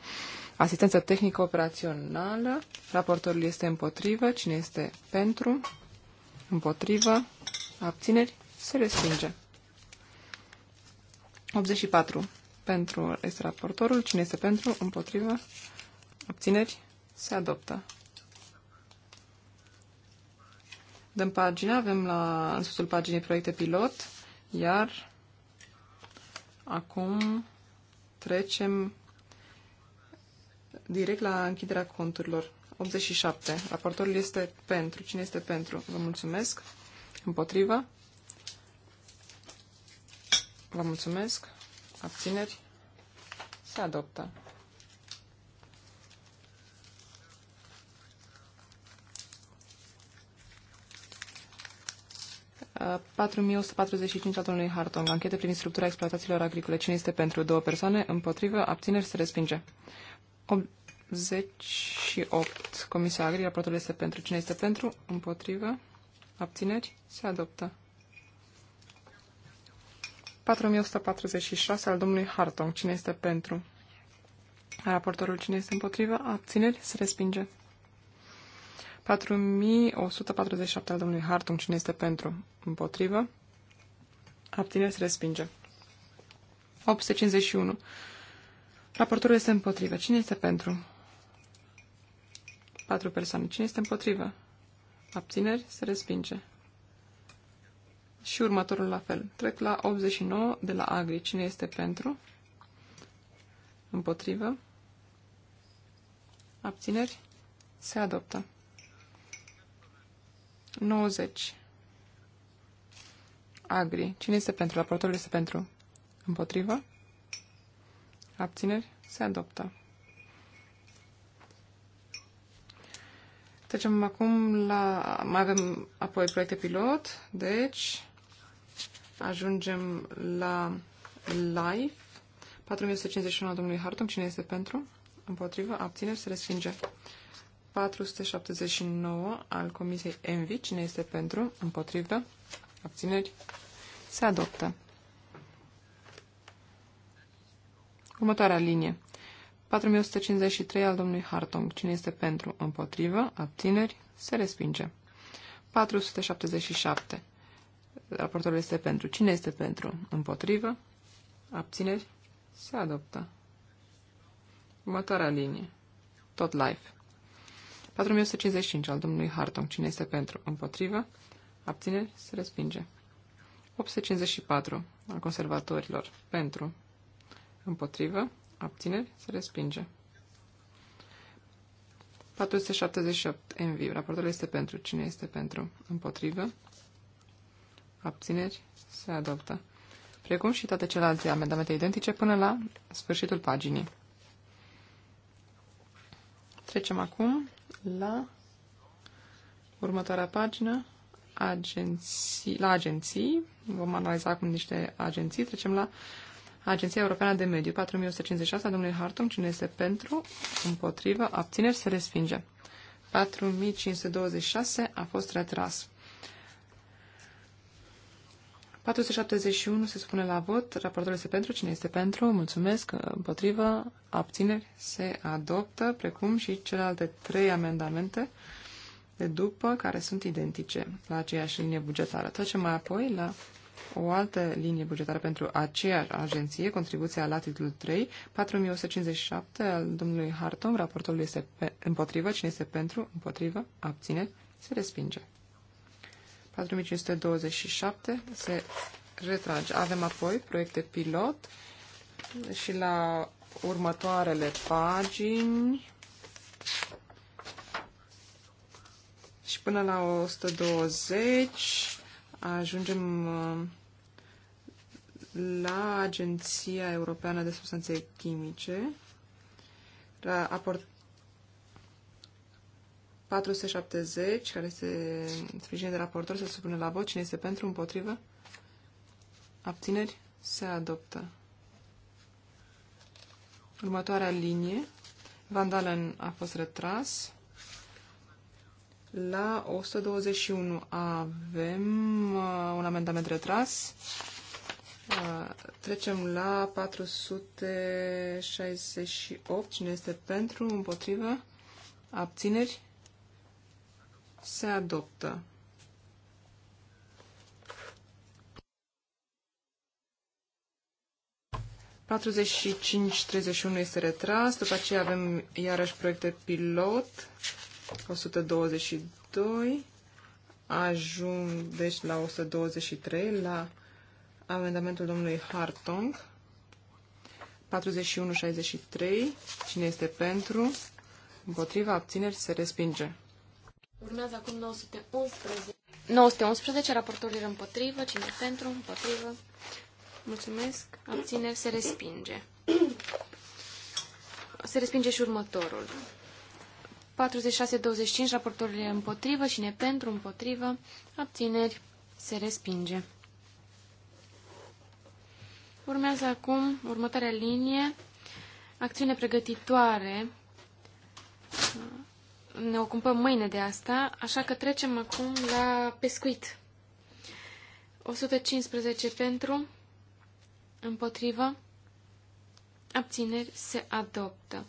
Asistență tehnică operațională. Raportorul este împotrivă. Cine este pentru? Împotrivă. Abțineri. Se respinge. 84. Pentru este raportorul. Cine este pentru? Împotrivă. Abțineri. Se adoptă. Dăm pagina. Avem la în susul paginii proiecte pilot. Iar acum trecem direct la închiderea conturilor. 87. Raportorul este pentru. Cine este pentru? Vă mulțumesc. Împotriva? Vă mulțumesc. Abțineri? Se adoptă. Uh, 4145 al domnului Harton. Anchete privind structura exploatațiilor agricole. Cine este pentru două persoane? Împotrivă? Abțineri? Se respinge. 28. Comisia Agri, raportul este pentru. Cine este pentru? Împotrivă. Abțineri? Se adoptă. 4146 al domnului Hartong. Cine este pentru? Raportorul cine este împotrivă? Abțineri? Se respinge. 4147 al domnului Hartung. Cine este pentru? Împotrivă? Abțineri? Se respinge. 851. Raportorul este împotrivă. Cine este pentru? 4 persoane. Cine este împotrivă? Abțineri? Se respinge. Și următorul la fel. Trec la 89 de la Agri. Cine este pentru? Împotrivă? Abțineri? Se adoptă. 90. Agri. Cine este pentru? Raportorul este pentru. Împotrivă? Abțineri? Se adoptă. Trecem acum la... Mai avem apoi proiecte pilot, deci ajungem la live. 4151 domnului Hartung. Cine este pentru? Împotrivă? Abțineri? Se respinge. 479 al Comisiei Envi. Cine este pentru? Împotrivă? Abțineri? Se adoptă. Următoarea linie. 4153 al domnului Hartong. Cine este pentru? Împotrivă. Abțineri. Se respinge. 477. Raportorul este pentru. Cine este pentru? Împotrivă. Abțineri. Se adoptă. Următoarea linie. Tot live. 4155 al domnului Hartong. Cine este pentru? Împotrivă. Abțineri. Se respinge. 854 al conservatorilor. Pentru. Împotrivă. Abțineri? Se respinge. 478. Envi. Raportul este pentru. Cine este pentru? Împotrivă. Abțineri? Se adoptă. Precum și toate celelalte amendamente identice până la sfârșitul paginii. Trecem acum la următoarea pagină, agenții, la agenții. Vom analiza acum niște agenții. Trecem la Agenția Europeană de Mediu, 4156, domnului Hartung, cine este pentru, împotrivă, abțineri, se respinge. 4526 a fost retras. 471 se spune la vot, raportul este pentru, cine este pentru, mulțumesc, împotrivă, abțineri, se adoptă, precum și celelalte trei amendamente de după, care sunt identice la aceeași linie bugetară. Trecem mai apoi la o altă linie bugetară pentru aceeași agenție, contribuția la titlul 3, 4157 al domnului Hartom, raportul este pe, împotrivă, cine este pentru, împotrivă, abține, se respinge. 4527 se retrage. Avem apoi proiecte pilot și la următoarele pagini și până la 120 ajungem uh, la Agenția Europeană de Substanțe Chimice, la aport 470, care este sprijinit de raportor, se supune la vot. Cine este pentru, împotrivă? Abțineri? Se adoptă. Următoarea linie. Vandalen a fost retras. La 121 avem uh, un amendament retras. Uh, trecem la 468. Cine este pentru? Împotrivă? Abțineri? Se adoptă. și 31 este retras, după aceea avem iarăși proiecte pilot... 122, ajung deci la 123, la amendamentul domnului Hartong, 4163, cine este pentru, împotriva, abțineri, se respinge. Urmează acum 911. 911, raportorul era împotrivă, cine pentru, împotrivă, mulțumesc, abțineri, se respinge. Se respinge și următorul. 46-25, raportorile împotrivă, ne pentru, împotrivă, abțineri, se respinge. Urmează acum următoarea linie, acțiune pregătitoare. Ne ocupăm mâine de asta, așa că trecem acum la pescuit. 115 pentru, împotrivă, abțineri, se adoptă.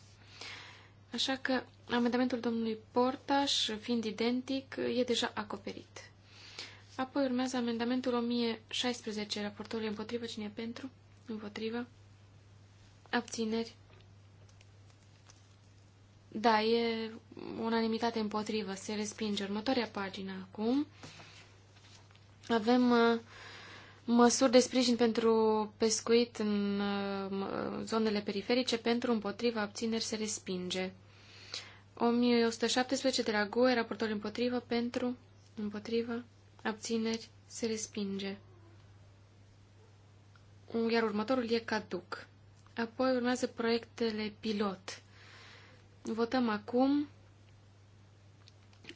Așa că amendamentul domnului Portaș, fiind identic, e deja acoperit. Apoi urmează amendamentul 1016. Raportorul e împotrivă. Cine e pentru? Împotrivă. Abțineri. Da, e unanimitate împotrivă. Se respinge. Următoarea pagină acum. Avem uh, măsuri de sprijin pentru pescuit în uh, zonele periferice pentru împotriva abțineri se respinge. 1117 de la GUE, raportor împotrivă, pentru, împotrivă, abțineri, se respinge. Iar următorul e caduc. Apoi urmează proiectele pilot. Votăm acum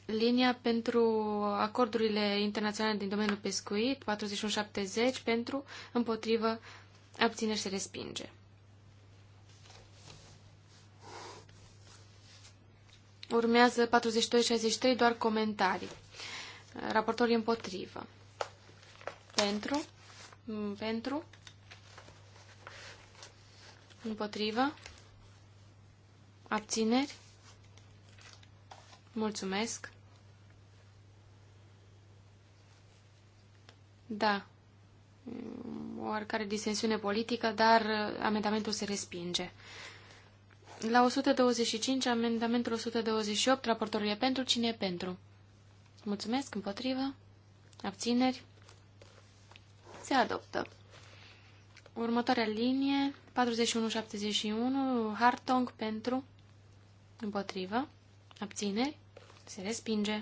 linia pentru acordurile internaționale din domeniul pescuit, 4170, pentru, împotrivă, abțineri, se respinge. Urmează 42-63, doar comentarii. Raportorul împotrivă. Pentru. Mm, pentru. Împotrivă. Abțineri. Mulțumesc. Da. Mm, Oarcare disensiune politică, dar uh, amendamentul se respinge. La 125, amendamentul 128, raportorul e pentru, cine e pentru? Mulțumesc, împotrivă, abțineri, se adoptă. Următoarea linie, 4171, Hartong pentru, împotrivă, abțineri, se respinge.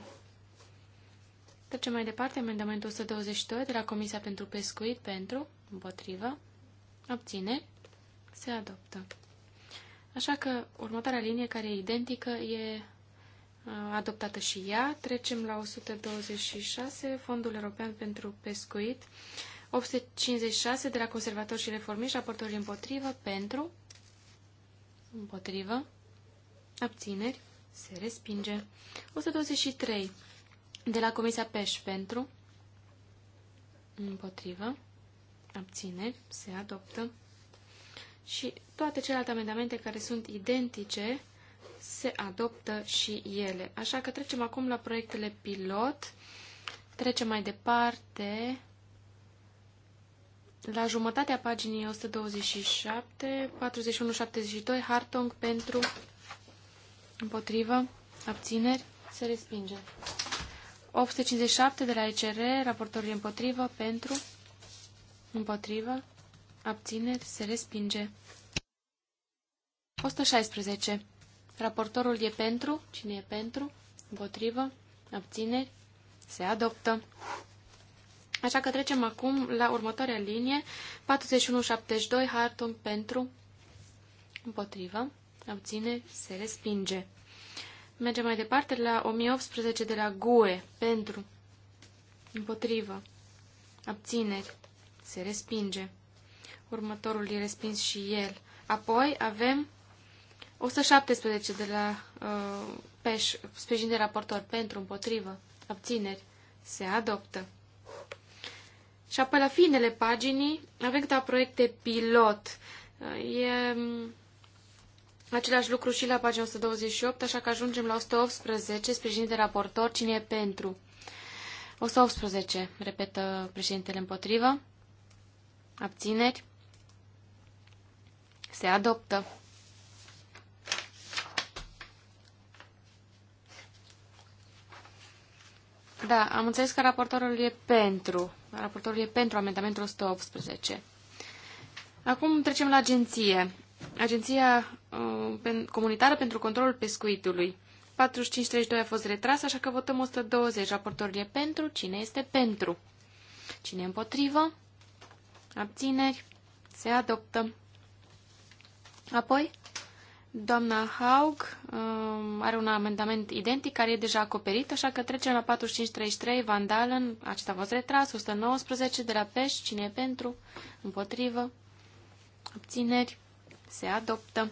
Trecem mai departe, amendamentul 122 de la Comisia pentru Pescuit pentru, împotrivă, abțineri, se adoptă. Așa că următoarea linie, care e identică, e uh, adoptată și ea. Trecem la 126, Fondul European pentru Pescuit. 856 de la conservatori și reformiști, raportori împotrivă, pentru, împotrivă, abțineri, se respinge. 123 de la Comisia PEș, pentru, împotrivă, abțineri, se adoptă și toate celelalte amendamente care sunt identice se adoptă și ele. Așa că trecem acum la proiectele pilot. Trecem mai departe la jumătatea paginii 127, 4172, Hartong pentru împotrivă, abțineri, se respinge. 857 de la ECR, raportorii împotrivă, pentru, împotrivă, abțineri, se respinge. 116. Raportorul e pentru. Cine e pentru? Împotrivă. Abțineri. Se adoptă. Așa că trecem acum la următoarea linie. 4172 Hartung pentru. Împotrivă. Abțineri. Se respinge. Mergem mai departe la 1018 de la GUE. Pentru. Împotrivă. Abțineri. Se respinge. Următorul e respins și el. Apoi avem 117 de la uh, peș, sprijin de raportor pentru, împotrivă, abțineri, se adoptă. Și apoi la finele paginii avem câteva proiecte pilot. Uh, e um, același lucru și la pagina 128, așa că ajungem la 118, sprijin de raportor, cine e pentru. 118, repetă președintele împotrivă, abțineri, se adoptă. Da, am înțeles că raportorul e pentru. Raportorul e pentru amendamentul 118. Acum trecem la agenție. Agenția uh, Comunitară pentru Controlul Pescuitului. 45-32 a fost retras, așa că votăm 120. Raportorul e pentru. Cine este pentru? Cine împotrivă? Abțineri. Se adoptă. Apoi, doamna Haug um, are un amendament identic care e deja acoperit, așa că trecem la 4533, Vandalen, acesta a fost retras, 119 de la Pești, cine e pentru, împotrivă, obțineri, se adoptă.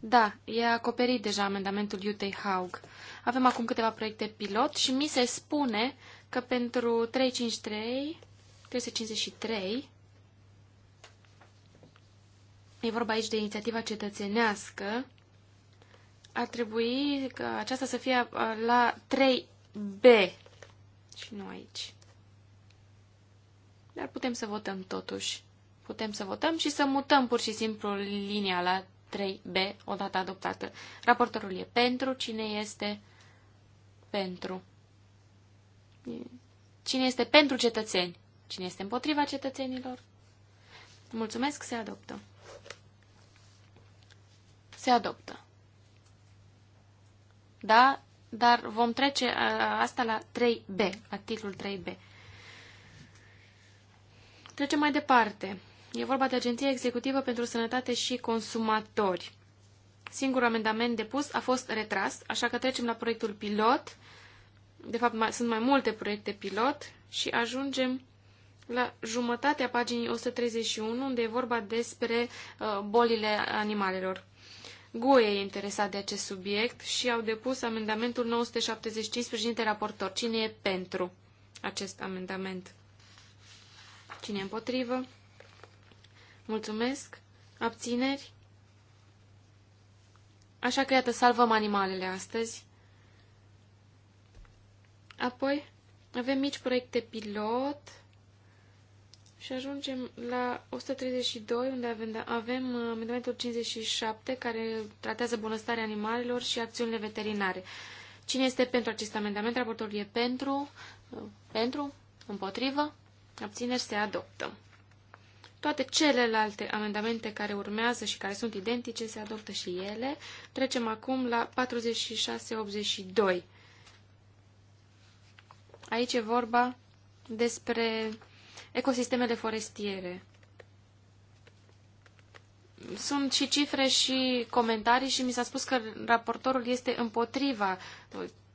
Da, e acoperit deja amendamentul Iutei Haug. Avem acum câteva proiecte pilot și mi se spune că pentru 353, 353, e vorba aici de inițiativa cetățenească, ar trebui ca aceasta să fie uh, la 3B și nu aici. Dar putem să votăm totuși. Putem să votăm și să mutăm pur și simplu linia la 3B odată adoptată. Raportorul e pentru, cine este pentru. Cine este pentru cetățeni? Cine este împotriva cetățenilor? Mulțumesc, se adoptă. Se adoptă. Da, dar vom trece asta la 3B, la titlul 3B. Trecem mai departe. E vorba de Agenția Executivă pentru Sănătate și Consumatori. Singurul amendament depus a fost retras, așa că trecem la proiectul pilot. De fapt, mai, sunt mai multe proiecte pilot și ajungem la jumătatea paginii 131, unde e vorba despre uh, bolile animalelor. GUE e interesat de acest subiect și au depus amendamentul 975 președinte raportor. Cine e pentru acest amendament? Cine e împotrivă? Mulțumesc. Abțineri? Așa că, iată, salvăm animalele astăzi. Apoi, avem mici proiecte pilot și ajungem la 132, unde avem, avem uh, amendamentul 57, care tratează bunăstarea animalelor și acțiunile veterinare. Cine este pentru acest amendament? Raportorul e pentru, uh, pentru, împotrivă, abțineri se adoptă. Toate celelalte amendamente care urmează și care sunt identice se adoptă și ele. Trecem acum la 4682. Aici e vorba despre ecosistemele forestiere. Sunt și cifre și comentarii și mi s-a spus că raportorul este împotriva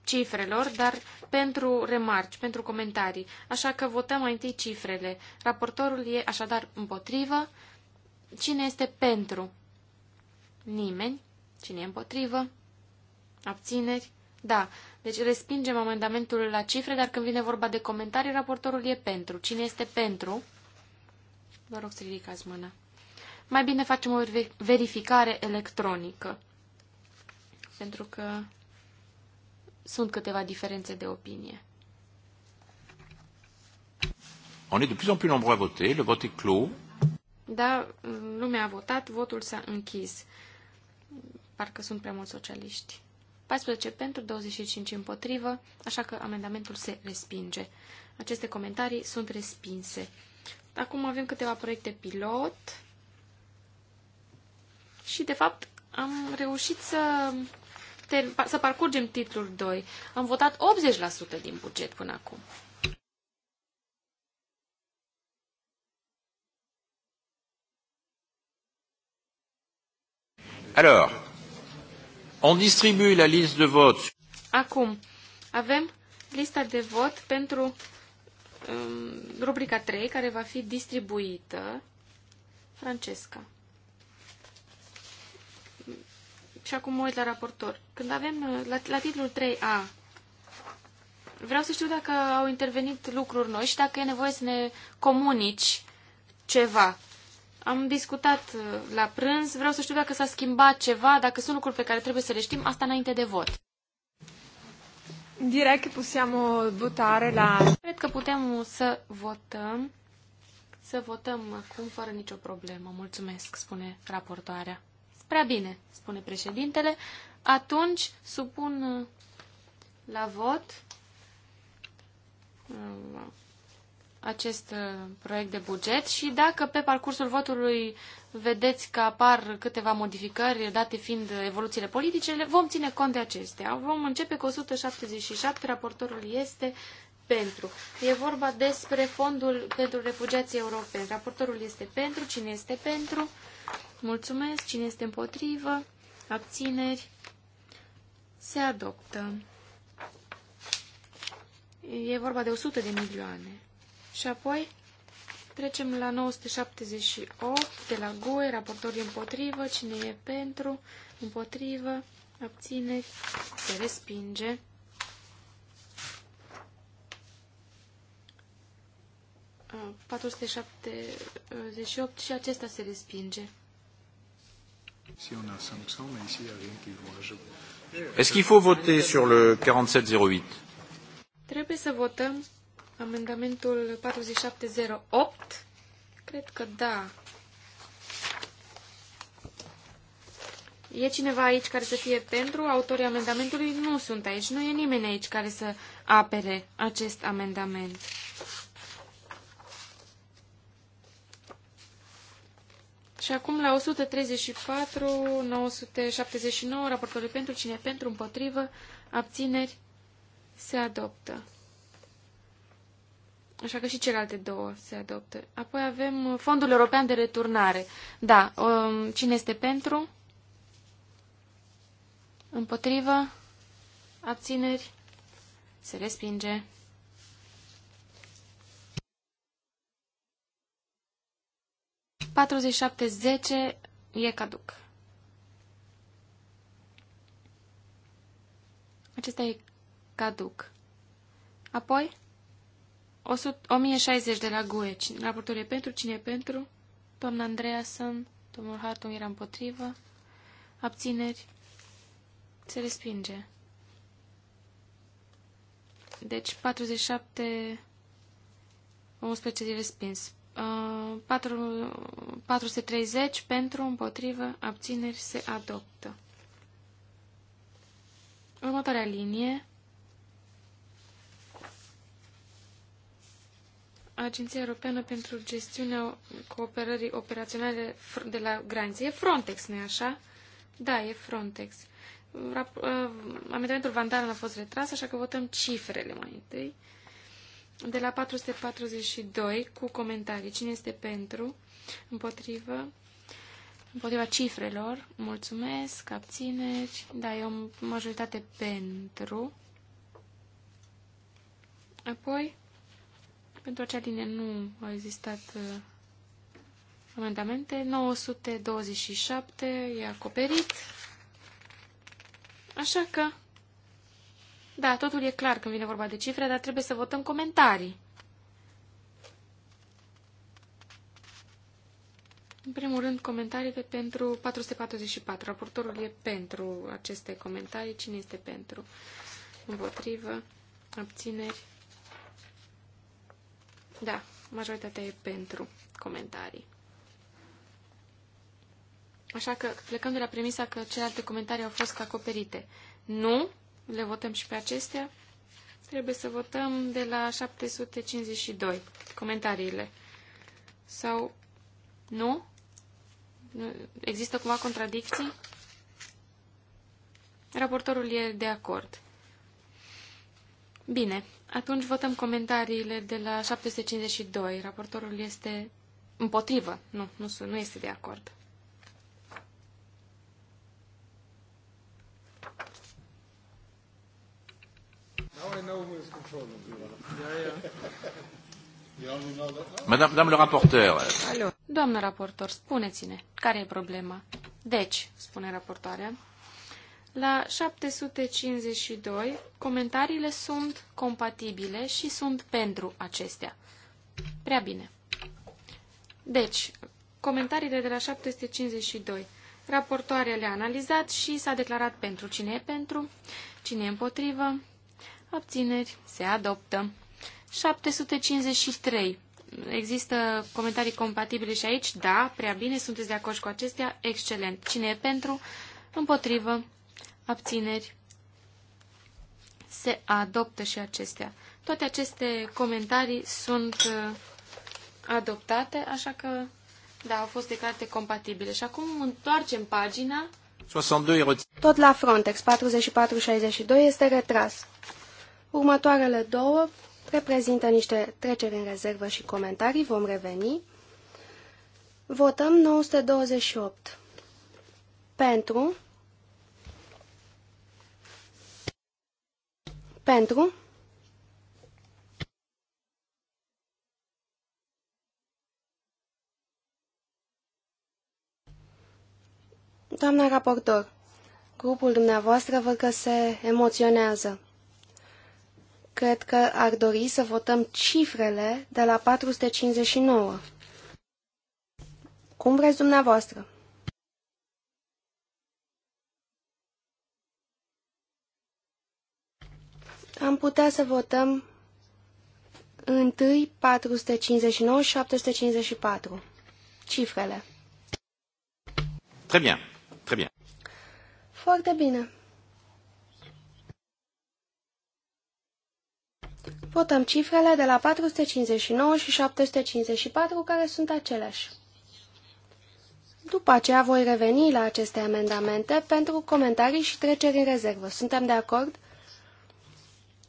cifrelor, dar pentru remarci, pentru comentarii. Așa că votăm mai întâi cifrele. Raportorul e așadar împotrivă. Cine este pentru? Nimeni. Cine e împotrivă? Abțineri? Da. Deci respingem amendamentul la cifre, dar când vine vorba de comentarii, raportorul e pentru. Cine este pentru? Vă rog să ridicați mâna. Mai bine facem o verificare electronică. Pentru că sunt câteva diferențe de opinie. On est de plus en plus nombreux à voter, le vote est clos. Da, lumea a votat, votul s-a închis. Parcă sunt prea mulți socialiști. 14 pentru, 25 împotrivă, așa că amendamentul se respinge. Aceste comentarii sunt respinse. Acum avem câteva proiecte pilot și, de fapt, am reușit să să parcurgem titlul 2. Am votat 80% din buget până acum. Alors, on distribue la liste de vote. Acum, avem lista de vot pentru um, rubrica 3, care va fi distribuită. Francesca și acum mă uit la raportor. Când avem uh, la, la titlul 3A, vreau să știu dacă au intervenit lucruri noi și dacă e nevoie să ne comunici ceva. Am discutat uh, la prânz, vreau să știu dacă s-a schimbat ceva, dacă sunt lucruri pe care trebuie să le știm, asta înainte de vot. Direi că o votare la... Cred că putem să votăm. Să votăm acum fără nicio problemă. Mulțumesc, spune raportoarea. Prea bine, spune președintele. Atunci supun uh, la vot uh, acest uh, proiect de buget și dacă pe parcursul votului vedeți că apar câteva modificări, date fiind evoluțiile politice, vom ține cont de acestea. Vom începe cu 177, raportorul este pentru. E vorba despre fondul pentru refugiații europeni. Raportorul este pentru. Cine este pentru? Mulțumesc. Cine este împotrivă? Abțineri. Se adoptă. E vorba de 100 de milioane. Și apoi trecem la 978 de la GUE, raportor împotrivă, cine e pentru, împotrivă, abțineri, se respinge. 478 și acesta se respinge. Est-ce qu'il faut voter sur le 4708 Trebuie să votăm amendamentul 4708. Cred că da. E cineva aici care să fie pentru? Autorii amendamentului nu sunt aici. Nu e nimeni aici care să apere acest amendament. Și acum la 134, 979, raportul pentru cine pentru, împotrivă, abțineri, se adoptă. Așa că și celelalte două se adoptă. Apoi avem Fondul European de Returnare. Da, um, cine este pentru? Împotrivă? Abțineri? Se respinge. 4710 e caduc. Acesta e caduc. Apoi, 100, 1060 de la GUE. Raportul e pentru, cine e pentru? Doamna Andreasen, domnul Hartung era împotrivă. Abțineri. Se respinge. Deci 47 11 de respins. 4, uh, 430 pentru, împotrivă, abțineri se adoptă. Următoarea linie. Agenția Europeană pentru Gestiunea Cooperării Operaționale de la Granițe. E Frontex, nu-i așa? Da, e Frontex. Uh, amendamentul Vandalen a fost retras, așa că votăm cifrele mai întâi de la 442 cu comentarii. Cine este pentru? Împotrivă? Împotriva cifrelor. Mulțumesc. Abțineri. Da, e o majoritate pentru. Apoi, pentru acea linie nu au existat uh, amendamente. 927 e acoperit. Așa că da, totul e clar când vine vorba de cifre, dar trebuie să votăm comentarii. În primul rând, de pentru 444. Raportorul e pentru aceste comentarii. Cine este pentru? Împotrivă? Abțineri? Da, majoritatea e pentru comentarii. Așa că plecăm de la premisa că celelalte comentarii au fost acoperite. Nu, le votăm și pe acestea. Trebuie să votăm de la 752 comentariile. Sau nu? Există cumva contradicții? Raportorul e de acord. Bine, atunci votăm comentariile de la 752. Raportorul este împotrivă. Nu, nu, nu este de acord. Madame le raporteur. Alo, doamnă raportor, spuneți-ne, care e problema? Deci, spune raportoarea, la 752, comentariile sunt compatibile și sunt pentru acestea. Prea bine. Deci, comentariile de la 752. Raportoarea le-a analizat și s-a declarat pentru. Cine e pentru? Cine e împotrivă? abțineri, se adoptă. 753. Există comentarii compatibile și aici? Da, prea bine, sunteți de acord cu acestea? Excelent. Cine e pentru? Împotrivă, abțineri, se adoptă și acestea. Toate aceste comentarii sunt uh, adoptate, așa că, da, au fost declarate compatibile. Și acum întoarcem pagina. 62. Tot la Frontex, 4462 este retras. Următoarele două reprezintă niște treceri în rezervă și comentarii. Vom reveni. Votăm 928. Pentru. Pentru. Doamna raportor, grupul dumneavoastră văd că se emoționează cred că ar dori să votăm cifrele de la 459. Cum vreți dumneavoastră? Am putea să votăm întâi 459 754. Cifrele. Très bien. Très bien. Foarte bine. Votăm cifrele de la 459 și 754, care sunt aceleași. După aceea voi reveni la aceste amendamente pentru comentarii și treceri în rezervă. Suntem de acord?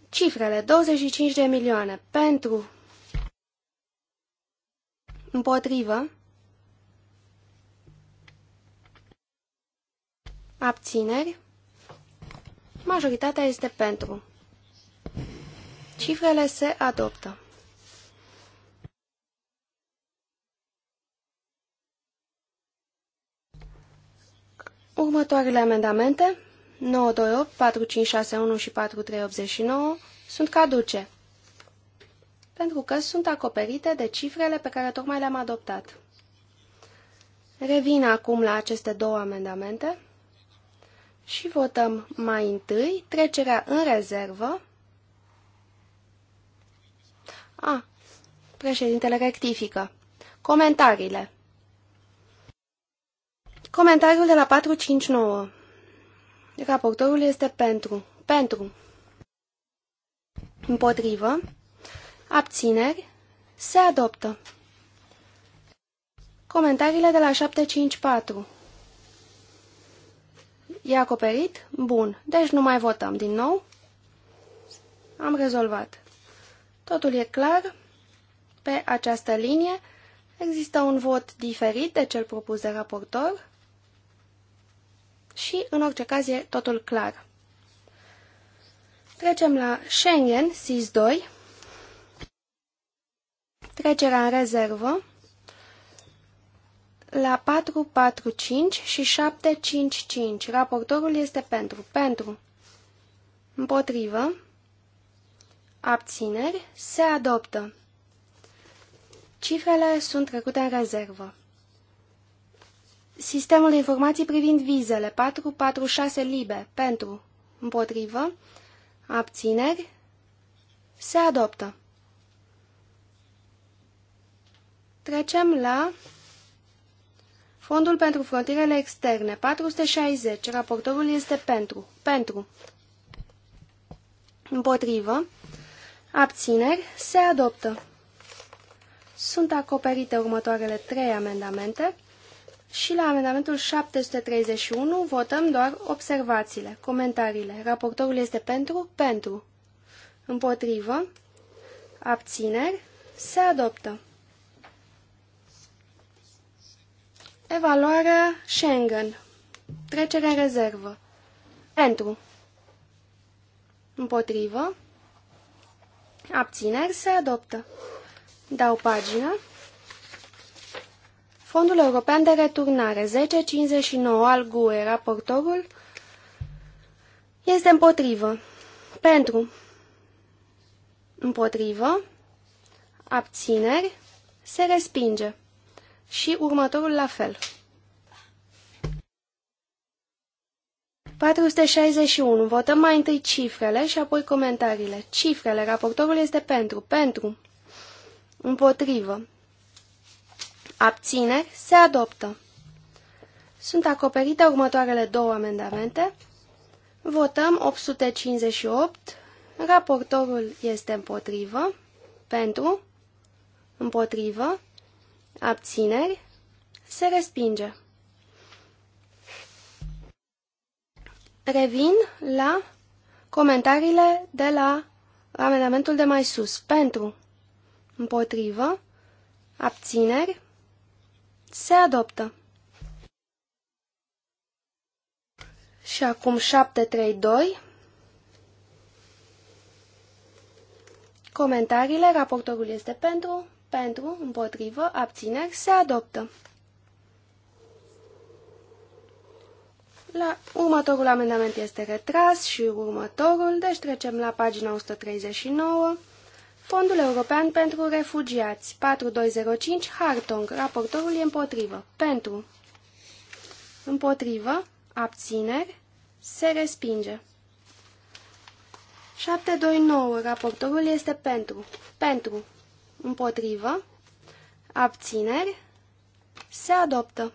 Cifrele 25 de milioane pentru împotrivă abțineri majoritatea este pentru. Cifrele se adoptă. Următoarele amendamente, 928, 4561 și 4389, sunt caduce, pentru că sunt acoperite de cifrele pe care tocmai le-am adoptat. Revin acum la aceste două amendamente și votăm mai întâi trecerea în rezervă a, președintele rectifică. Comentariile. Comentariul de la 459. Raportorul este pentru. Pentru. Împotrivă. Abțineri. Se adoptă. Comentariile de la 754. E acoperit? Bun. Deci nu mai votăm din nou. Am rezolvat. Totul e clar. Pe această linie există un vot diferit de cel propus de raportor și, în orice caz, e totul clar. Trecem la Schengen, SIS-2, trecerea în rezervă, la 445 și 755. Raportorul este pentru. Pentru. Împotrivă abțineri, se adoptă. Cifrele sunt trecute în rezervă. Sistemul de informații privind vizele 446 libe pentru, împotrivă, abțineri, se adoptă. Trecem la Fondul pentru frontierele externe, 460. Raportorul este pentru. Pentru. Împotrivă. Abțineri se adoptă. Sunt acoperite următoarele trei amendamente și la amendamentul 731 votăm doar observațiile, comentariile. Raportorul este pentru, pentru. Împotrivă, abțineri, se adoptă. Evaluarea Schengen. Trecere în rezervă. Pentru. Împotrivă. Abțineri se adoptă. Dau pagină. Fondul European de Returnare 1059 al GUE, raportorul, este împotrivă. Pentru. Împotrivă. Abțineri. Se respinge. Și următorul la fel. 461. Votăm mai întâi cifrele și apoi comentariile. Cifrele. Raportorul este pentru. Pentru. Împotrivă. Abțineri. Se adoptă. Sunt acoperite următoarele două amendamente. Votăm 858. Raportorul este împotrivă. Pentru. Împotrivă. Abțineri. Se respinge. Revin la comentariile de la amendamentul de mai sus. Pentru, împotrivă, abțineri, se adoptă. Și acum 732. Comentariile, raportorul este pentru, pentru, împotrivă, abțineri, se adoptă. La următorul amendament este retras și următorul, deci trecem la pagina 139. Fondul European pentru Refugiați, 4205, Hartong. Raportorul e împotrivă. Pentru. Împotrivă. Abțineri. Se respinge. 729. Raportorul este pentru. Pentru. Împotrivă. Abțineri. Se adoptă.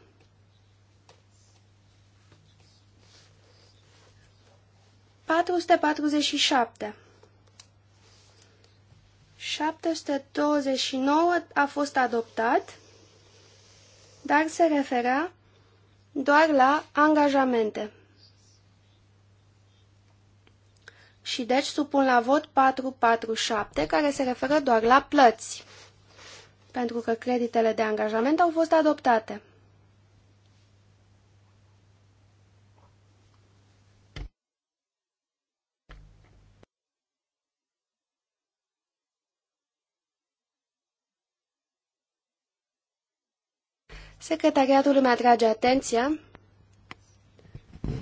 447. 729 a fost adoptat, dar se referea doar la angajamente. Și deci supun la vot 447, care se referă doar la plăți, pentru că creditele de angajament au fost adoptate. Secretariatul îmi atrage atenția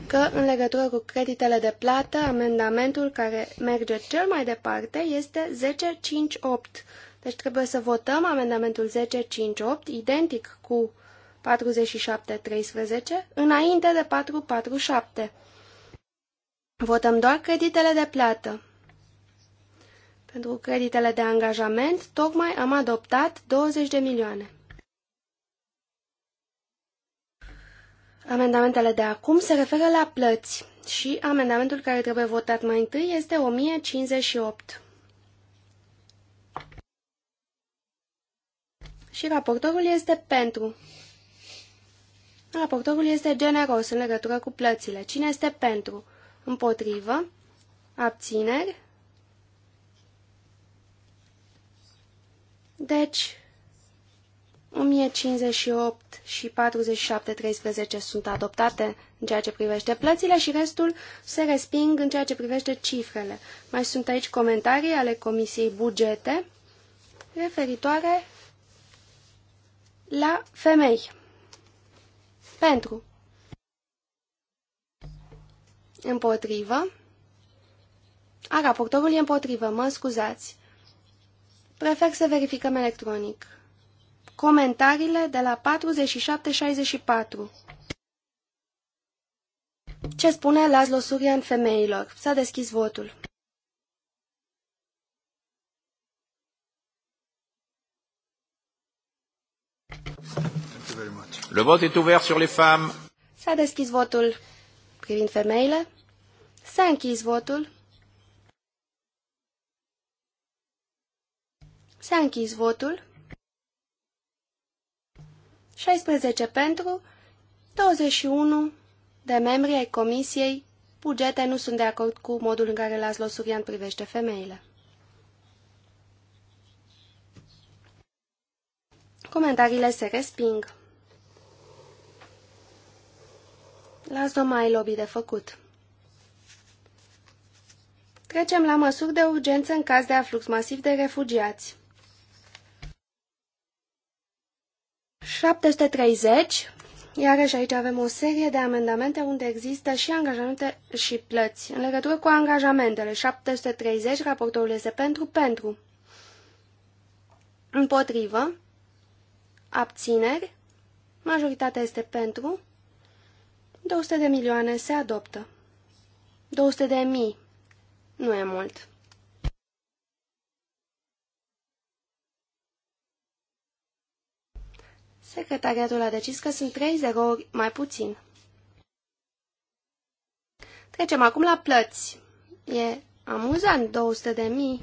că în legătură cu creditele de plată, amendamentul care merge cel mai departe este 1058. Deci trebuie să votăm amendamentul 1058, identic cu 4713, înainte de 447. Votăm doar creditele de plată. Pentru creditele de angajament, tocmai am adoptat 20 de milioane. Amendamentele de acum se referă la plăți și amendamentul care trebuie votat mai întâi este 1058. Și raportorul este pentru. Raportorul este generos în legătură cu plățile. Cine este pentru? Împotrivă? Abțineri? Deci, 1058 și 4713 sunt adoptate în ceea ce privește plățile și restul se resping în ceea ce privește cifrele. Mai sunt aici comentarii ale Comisiei Bugete referitoare la femei. Pentru. Împotrivă. A, raportorul e împotrivă, mă scuzați. Prefer să verificăm electronic comentariile de la 4764. Ce spune Laszlo Surian femeilor? S-a deschis votul. Le vot est ouvert sur les femmes. S-a deschis votul privind femeile. S-a închis votul. S-a închis votul. 16 pentru, 21 de membri ai comisiei bugete nu sunt de acord cu modul în care Laszlo Surian privește femeile. Comentariile se resping. Laszlo mai lobby de făcut. Trecem la măsuri de urgență în caz de aflux masiv de refugiați. 730, iarăși aici avem o serie de amendamente unde există și angajamente și plăți. În legătură cu angajamentele, 730, raportorul este pentru, pentru, împotrivă, abțineri, majoritatea este pentru, 200 de milioane se adoptă, 200 de mii, nu e mult. Secretariatul a decis că sunt trei zerouri mai puțin. Trecem acum la plăți. E amuzant, 200 de mii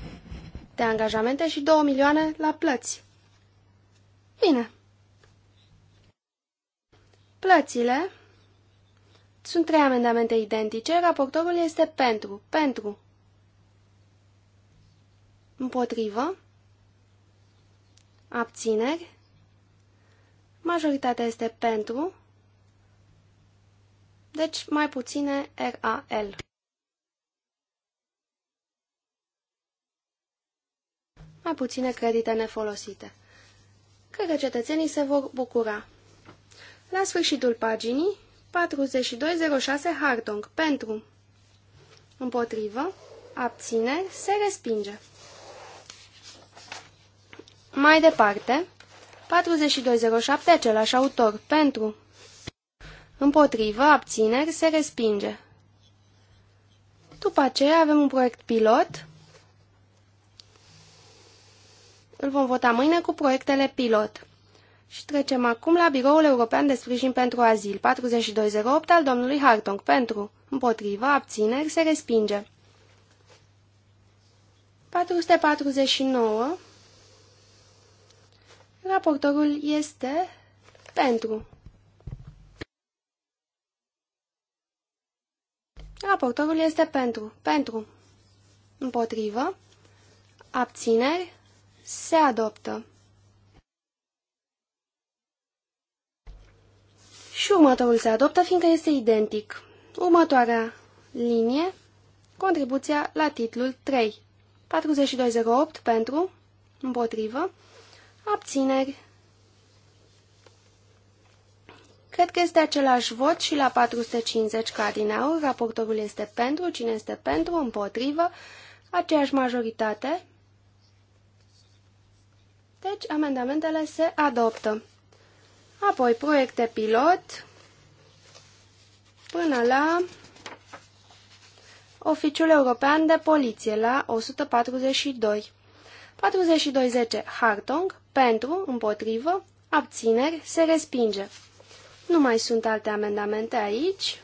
de angajamente și 2 milioane la plăți. Bine. Plățile sunt trei amendamente identice, raportorul este pentru, pentru, împotrivă, abțineri, Majoritatea este pentru, deci mai puține RAL. Mai puține credite nefolosite. Cred că cetățenii se vor bucura. La sfârșitul paginii, 4206 Hartong pentru, împotrivă, abține, se respinge. Mai departe, 4207, același autor, pentru. Împotrivă, abțineri, se respinge. După aceea avem un proiect pilot. Îl vom vota mâine cu proiectele pilot. Și trecem acum la Biroul European de Sprijin pentru Azil, 4208 al domnului Hartong, pentru. Împotrivă, abțineri, se respinge. 449 Raportorul este pentru. Raportorul este pentru. Pentru. Împotrivă. Abțineri. Se adoptă. Și următorul se adoptă, fiindcă este identic. Următoarea linie, contribuția la titlul 3. 4208 pentru, împotrivă, Abțineri. Cred că este același vot și la 450 ca din aur. Raportorul este pentru, cine este pentru, împotrivă, aceeași majoritate. Deci, amendamentele se adoptă. Apoi, proiecte pilot până la Oficiul European de Poliție la 142. 4210 Hartong pentru, împotrivă, abțineri, se respinge. Nu mai sunt alte amendamente aici.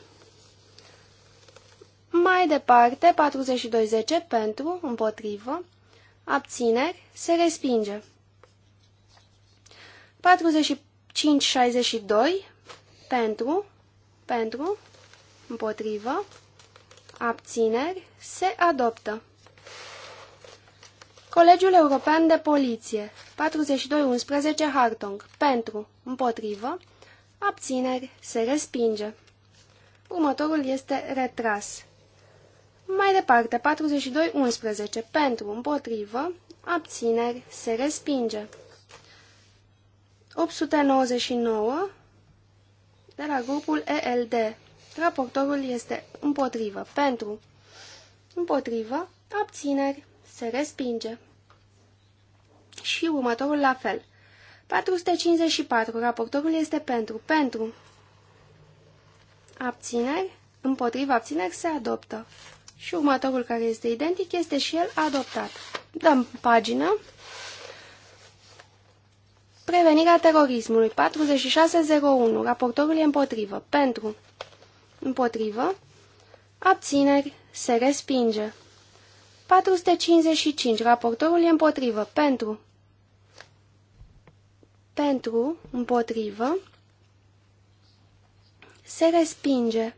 Mai departe, 4210 pentru, împotrivă, abțineri, se respinge. 4562 pentru, pentru, împotrivă, abțineri, se adoptă. Colegiul European de Poliție, 4211 Hartong, pentru, împotrivă, abțineri, se respinge. Următorul este retras. Mai departe, 4211 pentru, împotrivă, abțineri, se respinge. 899 de la grupul ELD. Raportorul este împotrivă, pentru, împotrivă, abțineri, se respinge. Și următorul la fel. 454. Raportorul este pentru. Pentru. Abțineri. Împotriva abțineri se adoptă. Și următorul care este identic este și el adoptat. Dăm pagină. Prevenirea terorismului. 4601. Raportorul e împotrivă. Pentru. Împotrivă. Abțineri. Se respinge. 455. Raportorul e împotrivă. Pentru. Pentru, împotrivă. Se respinge.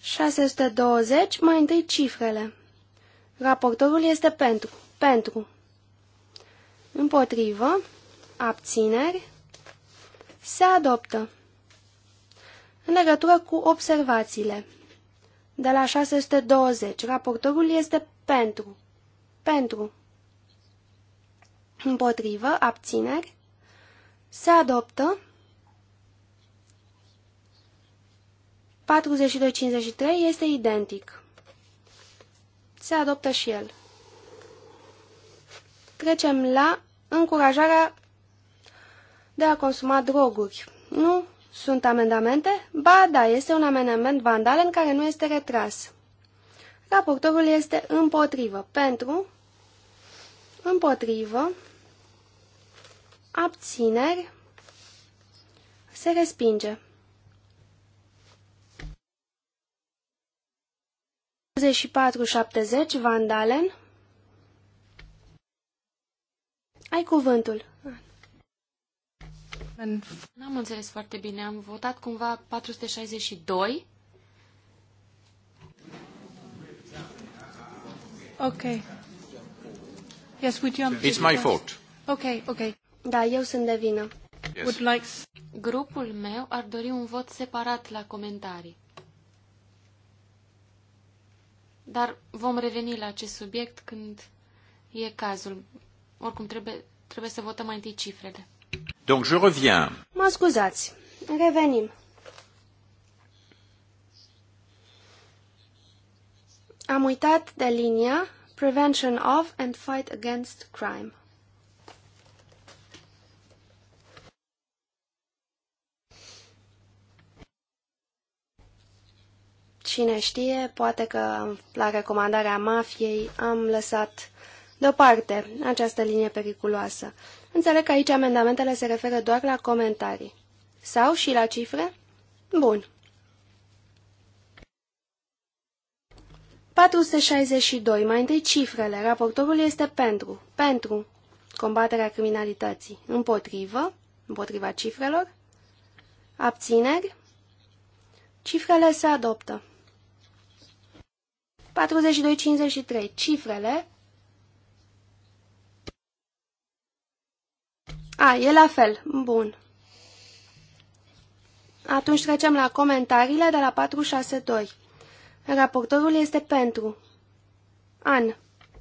620. Mai întâi cifrele. Raportorul este pentru. Pentru. Împotrivă. Abțineri. Se adoptă. În legătură cu observațiile de la 620. Raportorul este pentru. Pentru. Împotrivă, abțineri. Se adoptă. 42-53 este identic. Se adoptă și el. Trecem la încurajarea de a consuma droguri. Nu sunt amendamente? Ba, da, este un amendament vandal în care nu este retras. Raportorul este împotrivă. Pentru, împotrivă, abțineri, se respinge. 2470 Vandalen Ai cuvântul. Nu am înțeles foarte bine. Am votat cumva 462. Ok. Yes, would you. It's my fault. Ok, ok. Da, eu sunt de vină. Yes. Would like... Grupul meu ar dori un vot separat la comentarii. Dar vom reveni la acest subiect când e cazul. Oricum, trebuie, trebuie să votăm mai întâi cifrele. Donc je reviens. Mă scuzați. Revenim. Am uitat de linia Prevention of and Fight Against Crime. Cine știe, poate că la recomandarea mafiei am lăsat deoparte această linie periculoasă. Înțeleg că aici amendamentele se referă doar la comentarii. Sau și la cifre? Bun. 462. Mai întâi cifrele. Raportorul este pentru. Pentru combaterea criminalității. Împotrivă. Împotriva cifrelor. Abțineri. Cifrele se adoptă. 42.53. Cifrele A, e la fel. Bun. Atunci trecem la comentariile de la 462. Raportorul este pentru. An.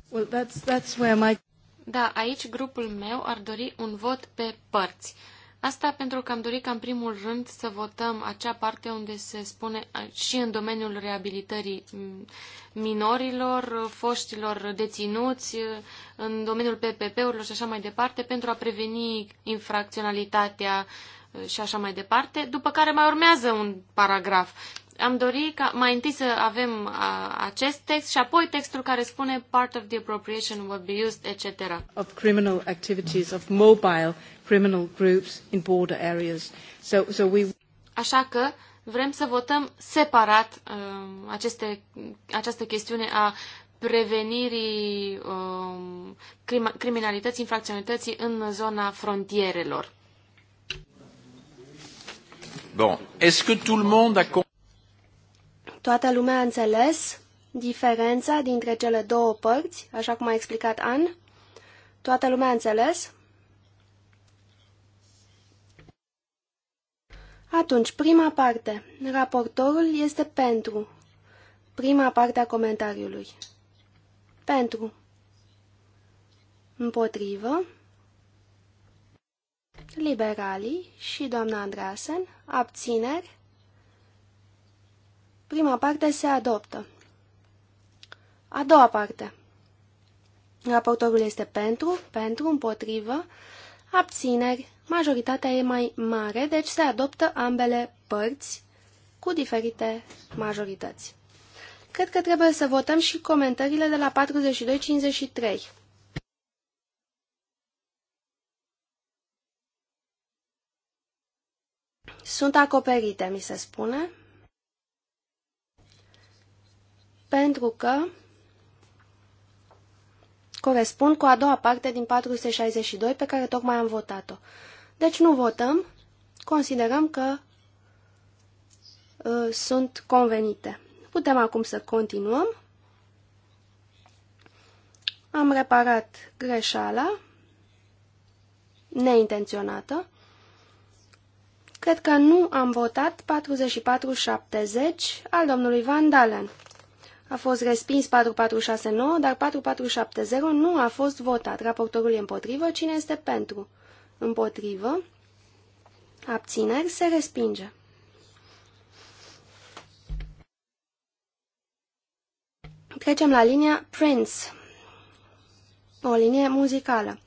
Well, that's, that's where my... Da, aici grupul meu ar dori un vot pe părți. Asta pentru că am dorit ca în primul rând să votăm acea parte unde se spune și în domeniul reabilitării minorilor, foștilor deținuți, în domeniul PPP-urilor și așa mai departe, pentru a preveni infracționalitatea și așa mai departe, după care mai urmează un paragraf am dori ca mai întâi să avem a, uh, acest text și apoi textul care spune part of the appropriation will be used, etc. Of criminal activities of mobile criminal groups in border areas. So, so we... Așa că vrem să votăm separat uh, aceste, această chestiune a prevenirii um, crima, criminalității, infracționalității în zona frontierelor. Bon, est-ce que tout le monde a Toată lumea a înțeles diferența dintre cele două părți, așa cum a explicat An? Toată lumea a înțeles? Atunci, prima parte. Raportorul este pentru. Prima parte a comentariului. Pentru. Împotrivă. Liberalii și doamna Andreasen. Abțineri. Prima parte se adoptă. A doua parte. Raportorul este pentru, pentru, împotrivă, abțineri. Majoritatea e mai mare, deci se adoptă ambele părți cu diferite majorități. Cred că trebuie să votăm și comentariile de la 42-53. Sunt acoperite, mi se spune. pentru că corespund cu a doua parte din 462 pe care tocmai am votat-o. Deci nu votăm, considerăm că uh, sunt convenite. Putem acum să continuăm. Am reparat greșeala neintenționată. Cred că nu am votat 4470 al domnului Van Dalen a fost respins 4469, dar 4470 nu a fost votat. Raportorul e împotrivă. Cine este pentru? Împotrivă. Abțineri se respinge. Trecem la linia Prince, o linie muzicală.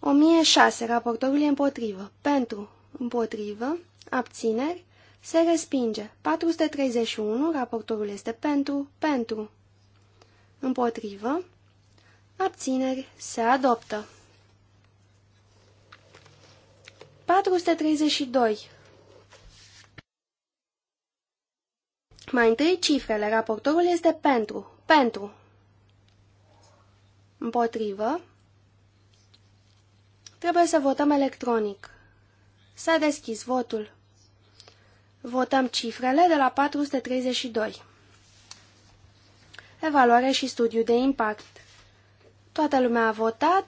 1006, raportorul e împotrivă. Pentru, împotrivă, abțineri, se respinge. 431, raportorul este pentru, pentru. Împotrivă. Abțineri. Se adoptă. 432. Mai întâi cifrele. Raportorul este pentru. Pentru. Împotrivă. Trebuie să votăm electronic. S-a deschis votul. Votăm cifrele de la 432. Evaluare și studiu de impact. Toată lumea a votat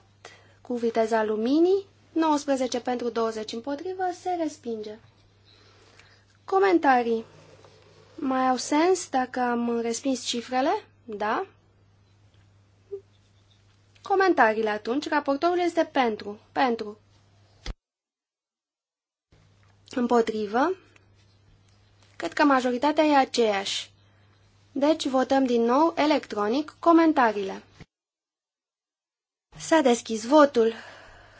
cu viteza luminii, 19 pentru 20 împotrivă, se respinge. Comentarii. Mai au sens dacă am respins cifrele? Da. Comentariile atunci. Raportorul este pentru. Pentru. Împotrivă. Cred că majoritatea e aceeași. Deci votăm din nou electronic comentariile. S-a deschis votul.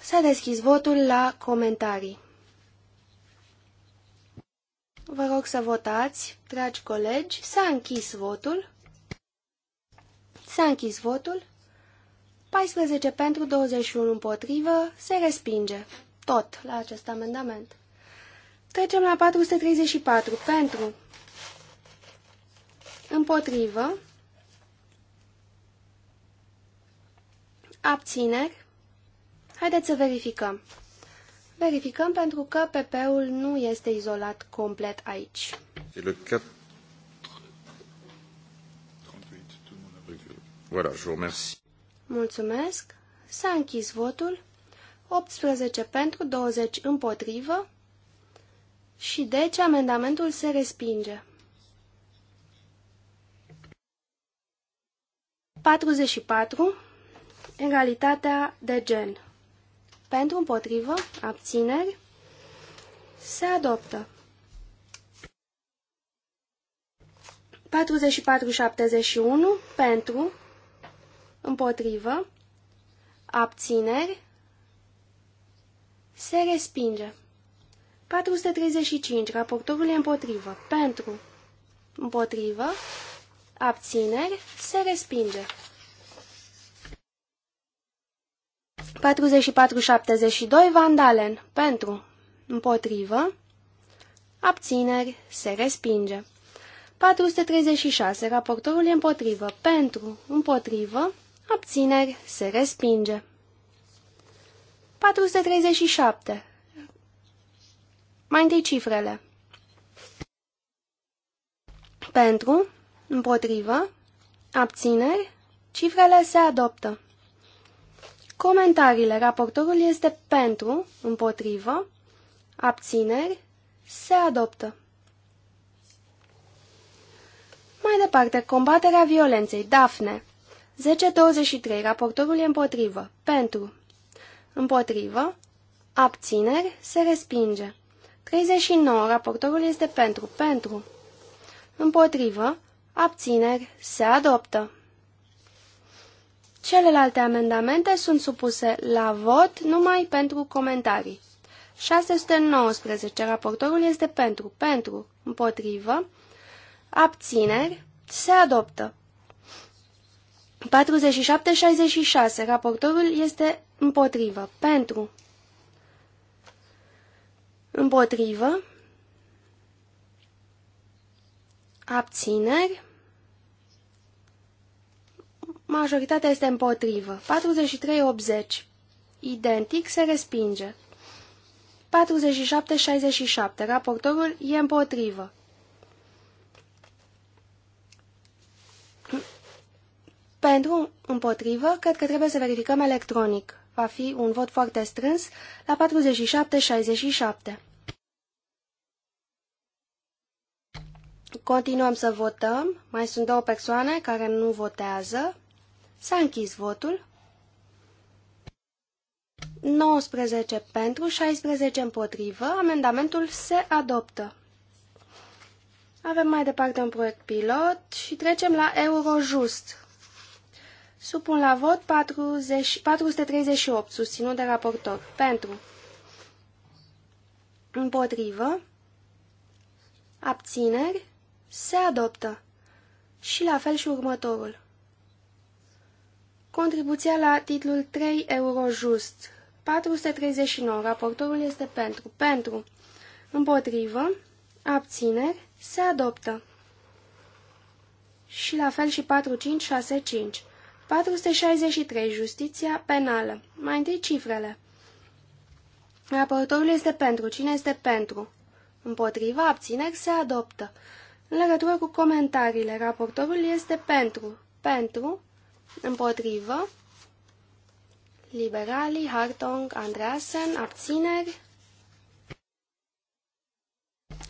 S-a deschis votul la comentarii. Vă rog să votați, dragi colegi. S-a închis votul. S-a închis votul. 14 pentru, 21 împotrivă. Se respinge. Tot la acest amendament. Trecem la 434. Pentru. Împotrivă. Abțineri. Haideți să verificăm. Verificăm pentru că PP-ul nu este izolat complet aici. E le 4... Voilà, je vous Mulțumesc. S-a închis votul. 18 pentru, 20 împotrivă și deci amendamentul se respinge. 44. Egalitatea de gen. Pentru împotrivă, abțineri, se adoptă. 44,71 pentru, împotrivă, abțineri, se respinge. 435. Raportorul e împotrivă. Pentru. Împotrivă. Abțineri. Se respinge. 4472 Vandalen. Pentru. Împotrivă. Abțineri. Se respinge. 436. Raportorul e împotrivă. Pentru. Împotrivă. Abțineri. Se respinge. 437. Mai întâi cifrele. Pentru, împotrivă, abțineri, cifrele se adoptă. Comentariile. Raportorul este pentru, împotrivă, abțineri, se adoptă. Mai departe, combaterea violenței. Dafne. 10.23. Raportorul e împotrivă. Pentru. Împotrivă. Abțineri. Se respinge. 39. Raportorul este pentru. Pentru. Împotrivă. Abțineri. Se adoptă. Celelalte amendamente sunt supuse la vot numai pentru comentarii. 619. Raportorul este pentru. Pentru. Împotrivă. Abțineri. Se adoptă. 47-66. Raportorul este împotrivă. Pentru împotrivă, abțineri, majoritatea este împotrivă, 43-80, identic, se respinge, 47-67, raportorul e împotrivă. Pentru împotrivă, cred că trebuie să verificăm electronic va fi un vot foarte strâns la 47-67. Continuăm să votăm. Mai sunt două persoane care nu votează. S-a închis votul. 19 pentru, 16 împotrivă. Amendamentul se adoptă. Avem mai departe un proiect pilot și trecem la Eurojust. Supun la vot 40, 438, susținut de raportor. Pentru. Împotrivă. Abțineri. Se adoptă. Și la fel și următorul. Contribuția la titlul 3 euro just. 439. Raportorul este pentru. Pentru. Împotrivă. Abțineri. Se adoptă. Și la fel și 4565. 463. Justiția penală. Mai întâi cifrele. Raportorul este pentru. Cine este pentru? Împotriva abțineri se adoptă. În legătură cu comentariile, raportorul este pentru. Pentru. Împotrivă. Liberalii, Hartong, Andreasen, abțineri.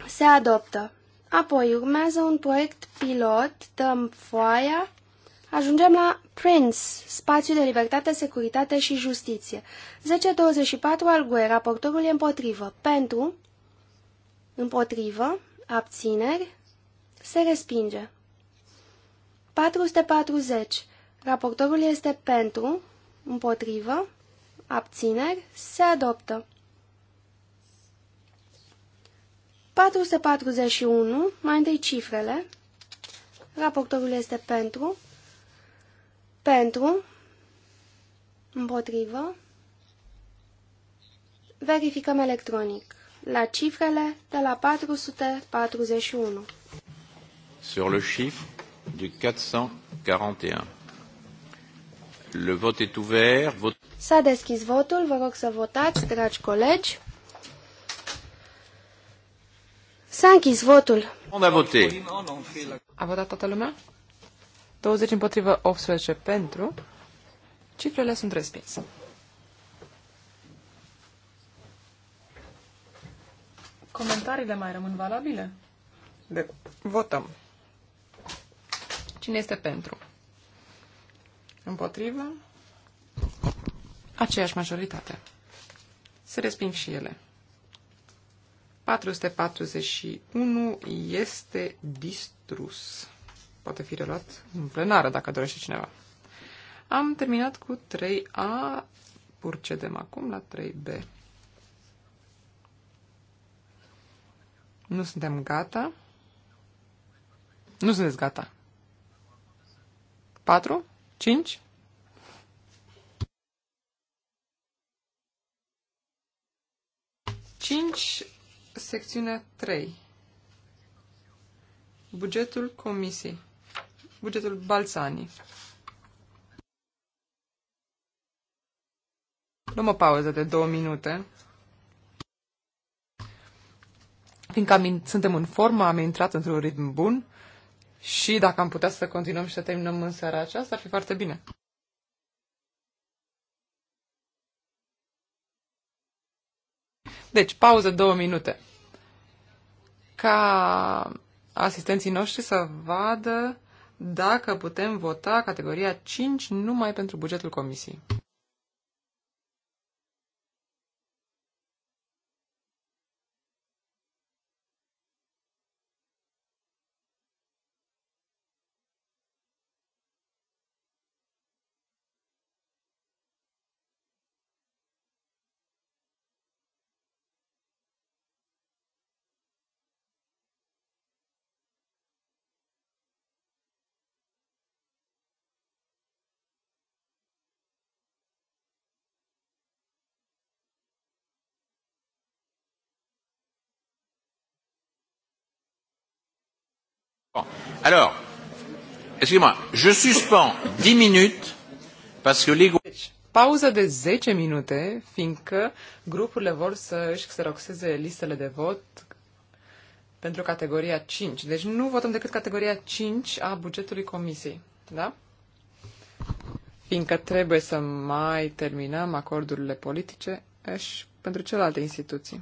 Se adoptă. Apoi urmează un proiect pilot, dăm foaia Ajungem la Prince, spațiu de libertate, securitate și justiție. 10.24 Algue, raportorul e împotrivă. Pentru, împotrivă, abțineri, se respinge. 440. Raportorul este pentru, împotrivă, abțineri, se adoptă. 441, mai întâi cifrele. Raportorul este pentru, pentru. Împotrivă. Verificăm electronic. La cifrele de la 441. Sur le chiffre du 441. Le vote est ouvert. Vot... S-a deschis votul. Vă rog să votați, dragi colegi. S-a închis votul. On a votat. A votat toată lumea? 20 împotrivă 18 pentru. Cifrele sunt respinse. Comentariile mai rămân valabile? De votăm. Cine este pentru? Împotrivă? Aceeași majoritate. Se resping și ele. 441 este distrus poate fi reluat în plenară, dacă dorește cineva. Am terminat cu 3A, procedem acum la 3B. Nu suntem gata. Nu sunteți gata. 4? 5? Cinci, secțiunea 3. Bugetul comisiei bugetul Balsani. Luăm o pauză de două minute. Fiindcă am, suntem în formă, am intrat într-un ritm bun și dacă am putea să continuăm și să terminăm în seara aceasta, ar fi foarte bine. Deci, pauză două minute. Ca asistenții noștri să vadă dacă putem vota categoria 5 numai pentru bugetul comisiei. Bon. Alors, excusez-moi, je suspends 10 minutes parce que les deci, Pauză de 10 minute, fiindcă grupurile vor să își xeroxeze listele de vot pentru categoria 5. Deci nu votăm decât categoria 5 a bugetului comisiei, da? Fiindcă trebuie să mai terminăm acordurile politice și pentru celelalte instituții.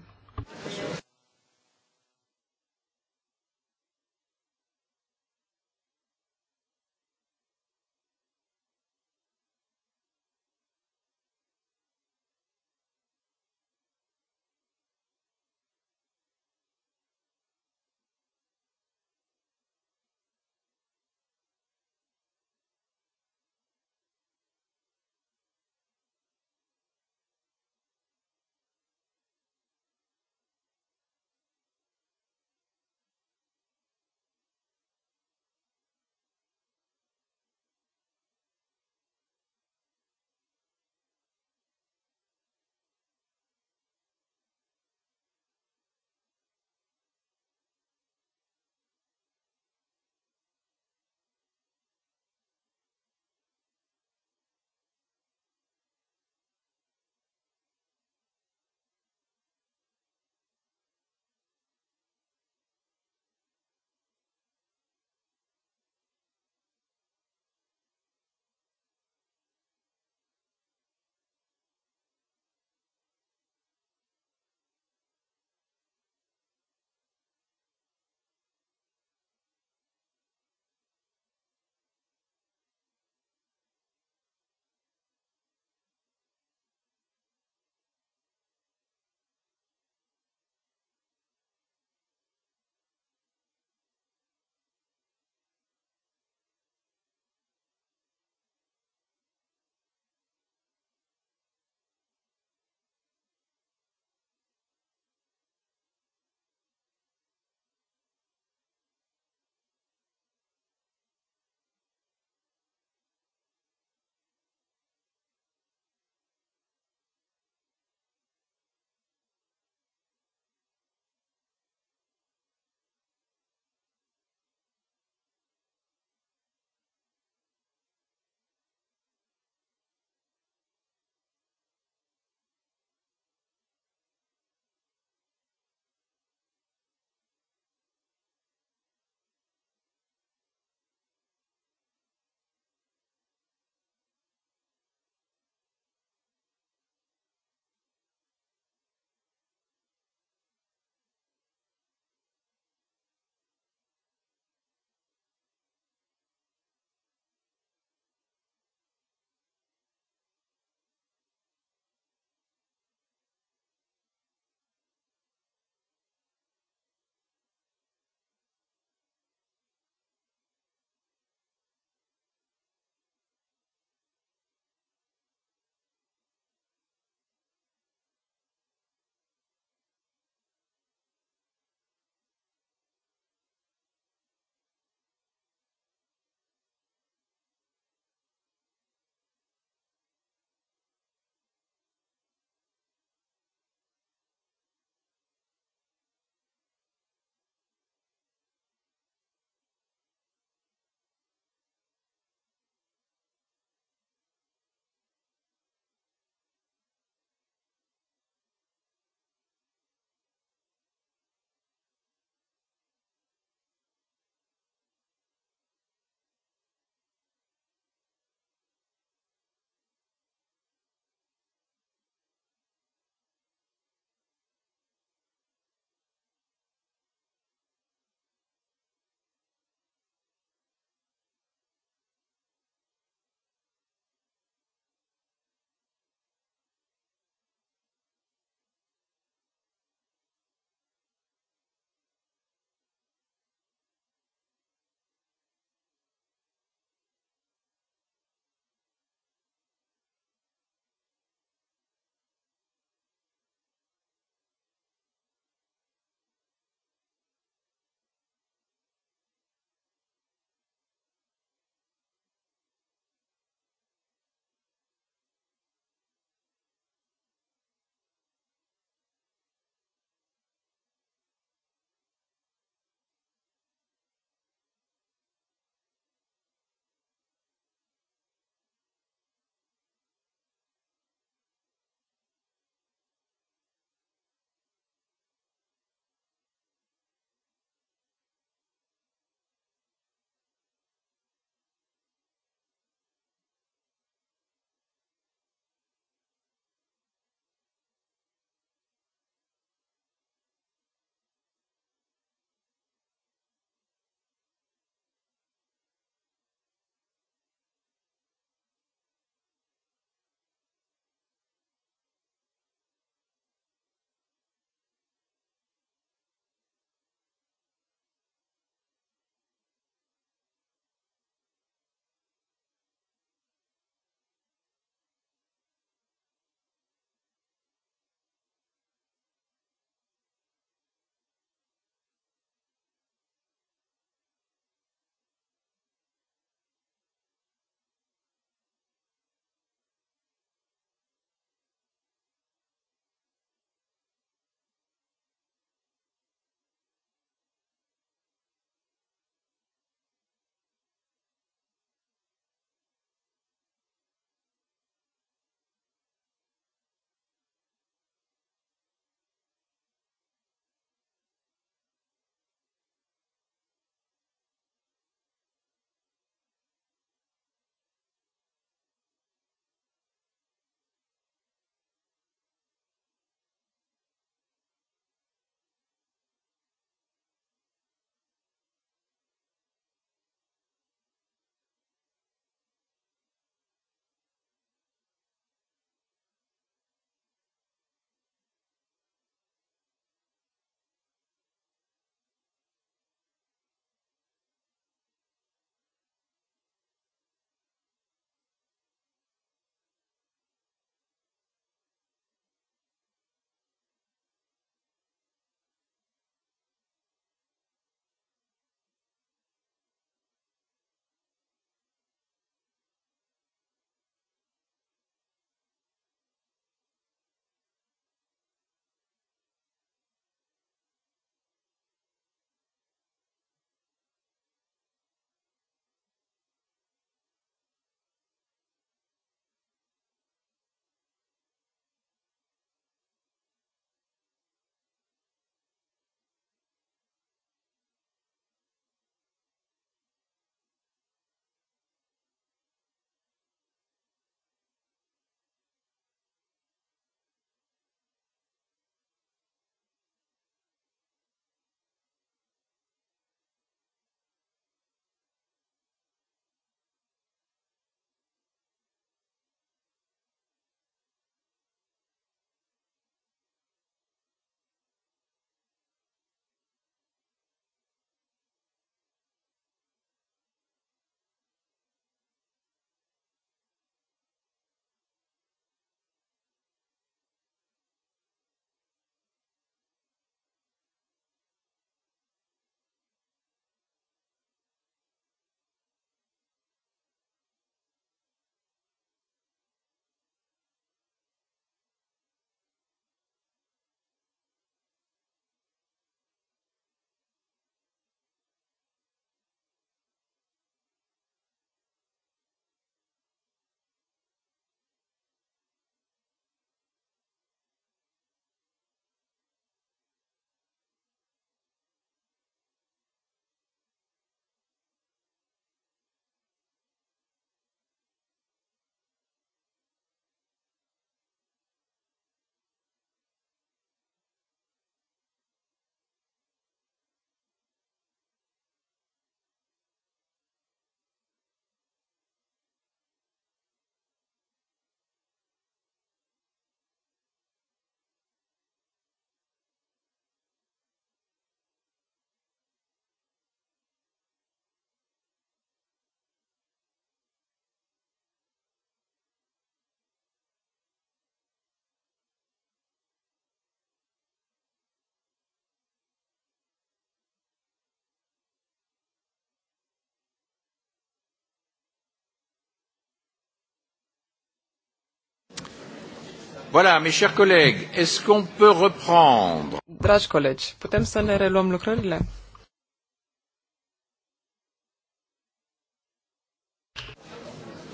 Voilà, mes chers collègues, est-ce qu'on peut reprendre Dragi colegi, putem să ne reluăm lucrările?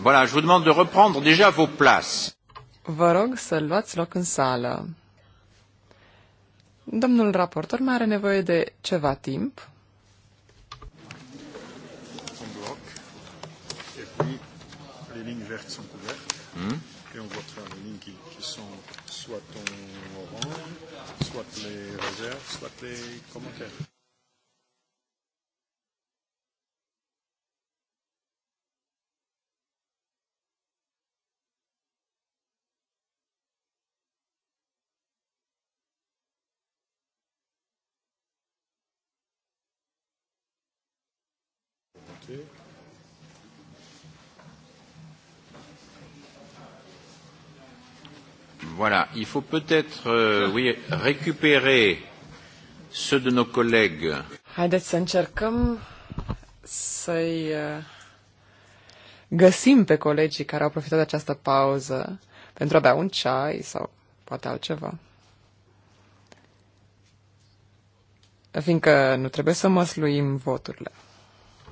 Voilà, je vous demande de reprendre déjà vos places. Vă rog să luați loc în sală. Domnul raportor mai are nevoie de ceva timp. Hmm? voit sont soit en orange, soit les réserves, soit les commentaires. Okay. Voilà, il faut peut-être euh, oui, récupérer ceux de nos collègues. Haideți să încercăm să-i uh, găsim pe colegii care au profitat de această pauză pentru a bea un ceai sau poate altceva. Fiindcă nu trebuie să măsluim voturile.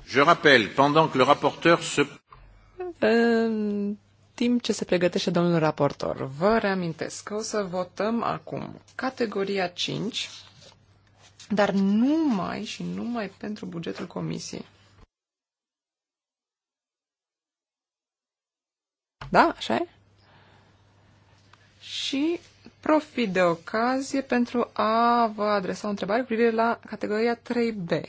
Je rappelle, pendant que le rapporteur se timp ce se pregătește domnul raportor. Vă reamintesc că o să votăm acum categoria 5, dar numai și numai pentru bugetul comisiei. Da? Așa e? Și profit de ocazie pentru a vă adresa o întrebare cu privire la categoria 3B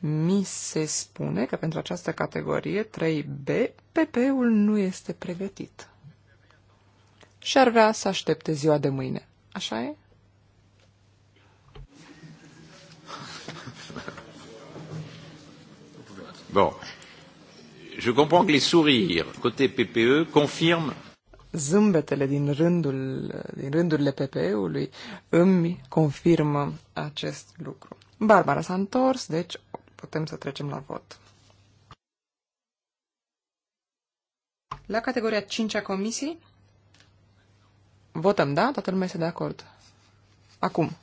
mi se spune că pentru această categorie 3B, PP-ul nu este pregătit. Și ar vrea să aștepte ziua de mâine. Așa e? Bon. Je comprends que les sourires côté PPE confirment zâmbetele din, rândul, din rândurile PPE-ului îmi confirmă acest lucru. Barbara s-a întors, deci putem să trecem la vot. La categoria 5 a comisiei, votăm, da? Toată lumea este de acord. Acum.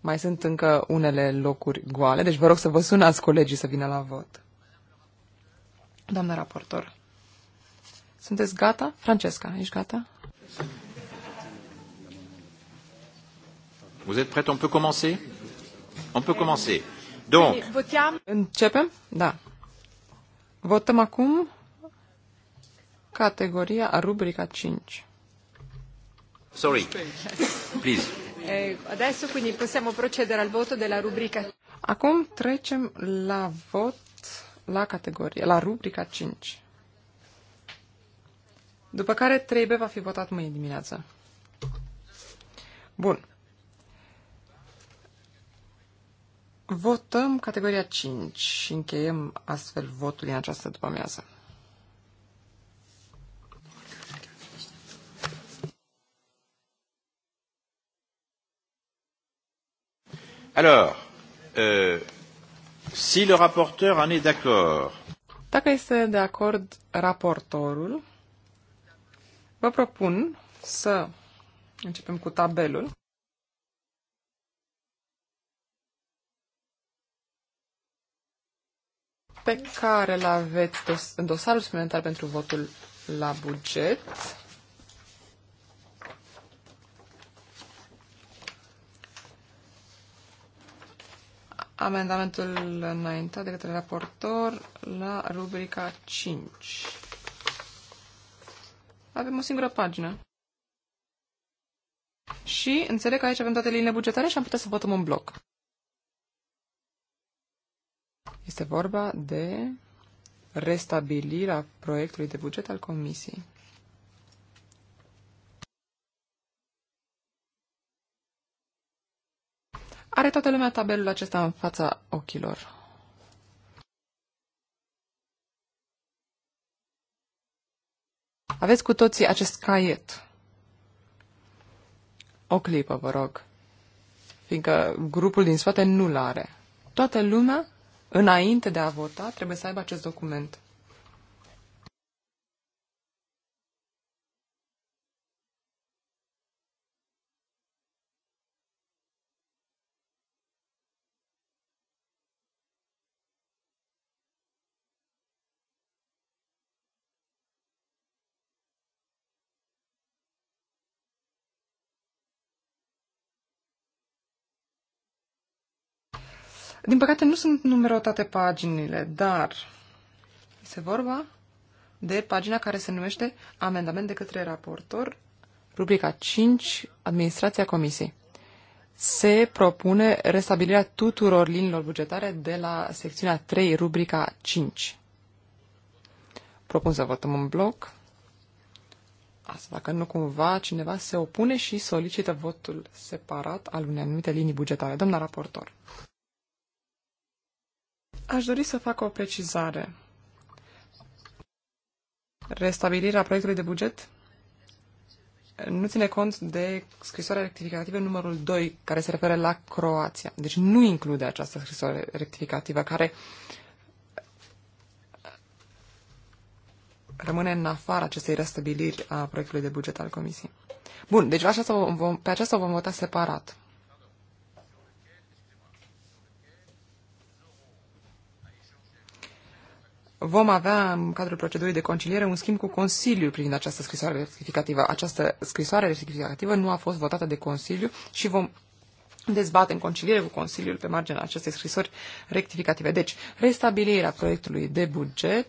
Mai sunt încă unele locuri goale, deci vă rog să vă sunați colegii să vină la vot. Doamna raportor, sunteți gata? Francesca, ești gata? Vous êtes prête? On peut commencer? On peut commencer. Donc. Începem? Da. Votăm acum categoria, rubrica 5. Sorry. Please. adesso quindi possiamo procedere al voto della rubrica. Acum trecem la vot la categoria, la rubrica 5. După care trebuie va fi votat mâine dimineață. Bun. Votăm categoria 5 și încheiem astfel votul în această după-amiază. Alors, euh, si le rapporteur en est d'accord. Dacă este de acord raportorul, vă propun să începem cu tabelul. pe care îl aveți în dosarul suplimentar pentru votul la buget. Amendamentul înaintat de către raportor la rubrica 5. Avem o singură pagină. Și înțeleg că aici avem toate liniile bugetare și am putea să votăm un bloc. Este vorba de restabilirea proiectului de buget al Comisiei. Are toată lumea tabelul acesta în fața ochilor. Aveți cu toții acest caiet. O clipă, vă rog, fiindcă grupul din spate nu-l are. Toată lumea înainte de a vota, trebuie să aibă acest document. Din păcate nu sunt numerotate paginile, dar este vorba de pagina care se numește Amendament de către raportor, rubrica 5, Administrația Comisiei. Se propune restabilirea tuturor liniilor bugetare de la secțiunea 3, rubrica 5. Propun să votăm în bloc. Asta dacă nu cumva cineva se opune și solicită votul separat al unei anumite linii bugetare. Doamna raportor. Aș dori să fac o precizare. Restabilirea proiectului de buget nu ține cont de scrisoarea rectificativă numărul 2, care se referă la Croația. Deci nu include această scrisoare rectificativă, care rămâne în afara acestei restabiliri a proiectului de buget al Comisiei. Bun, deci vom, pe aceasta vom vota separat. vom avea în cadrul procedurii de conciliere un schimb cu Consiliul privind această scrisoare rectificativă. Această scrisoare rectificativă nu a fost votată de Consiliu și vom dezbate în conciliere cu Consiliul pe marginea acestei scrisori rectificative. Deci, restabilirea proiectului de buget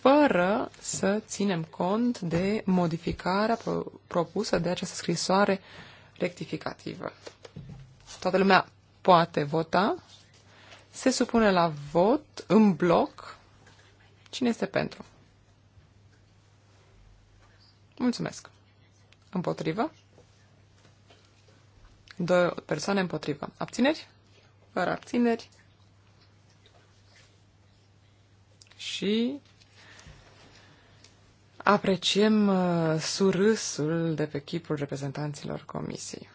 fără să ținem cont de modificarea pro- propusă de această scrisoare rectificativă. Toată lumea poate vota. Se supune la vot în bloc Cine este pentru? Mulțumesc. Împotrivă? Două persoane împotrivă. Abțineri? Fără abțineri. Și apreciem uh, surâsul de pe chipul reprezentanților comisiei.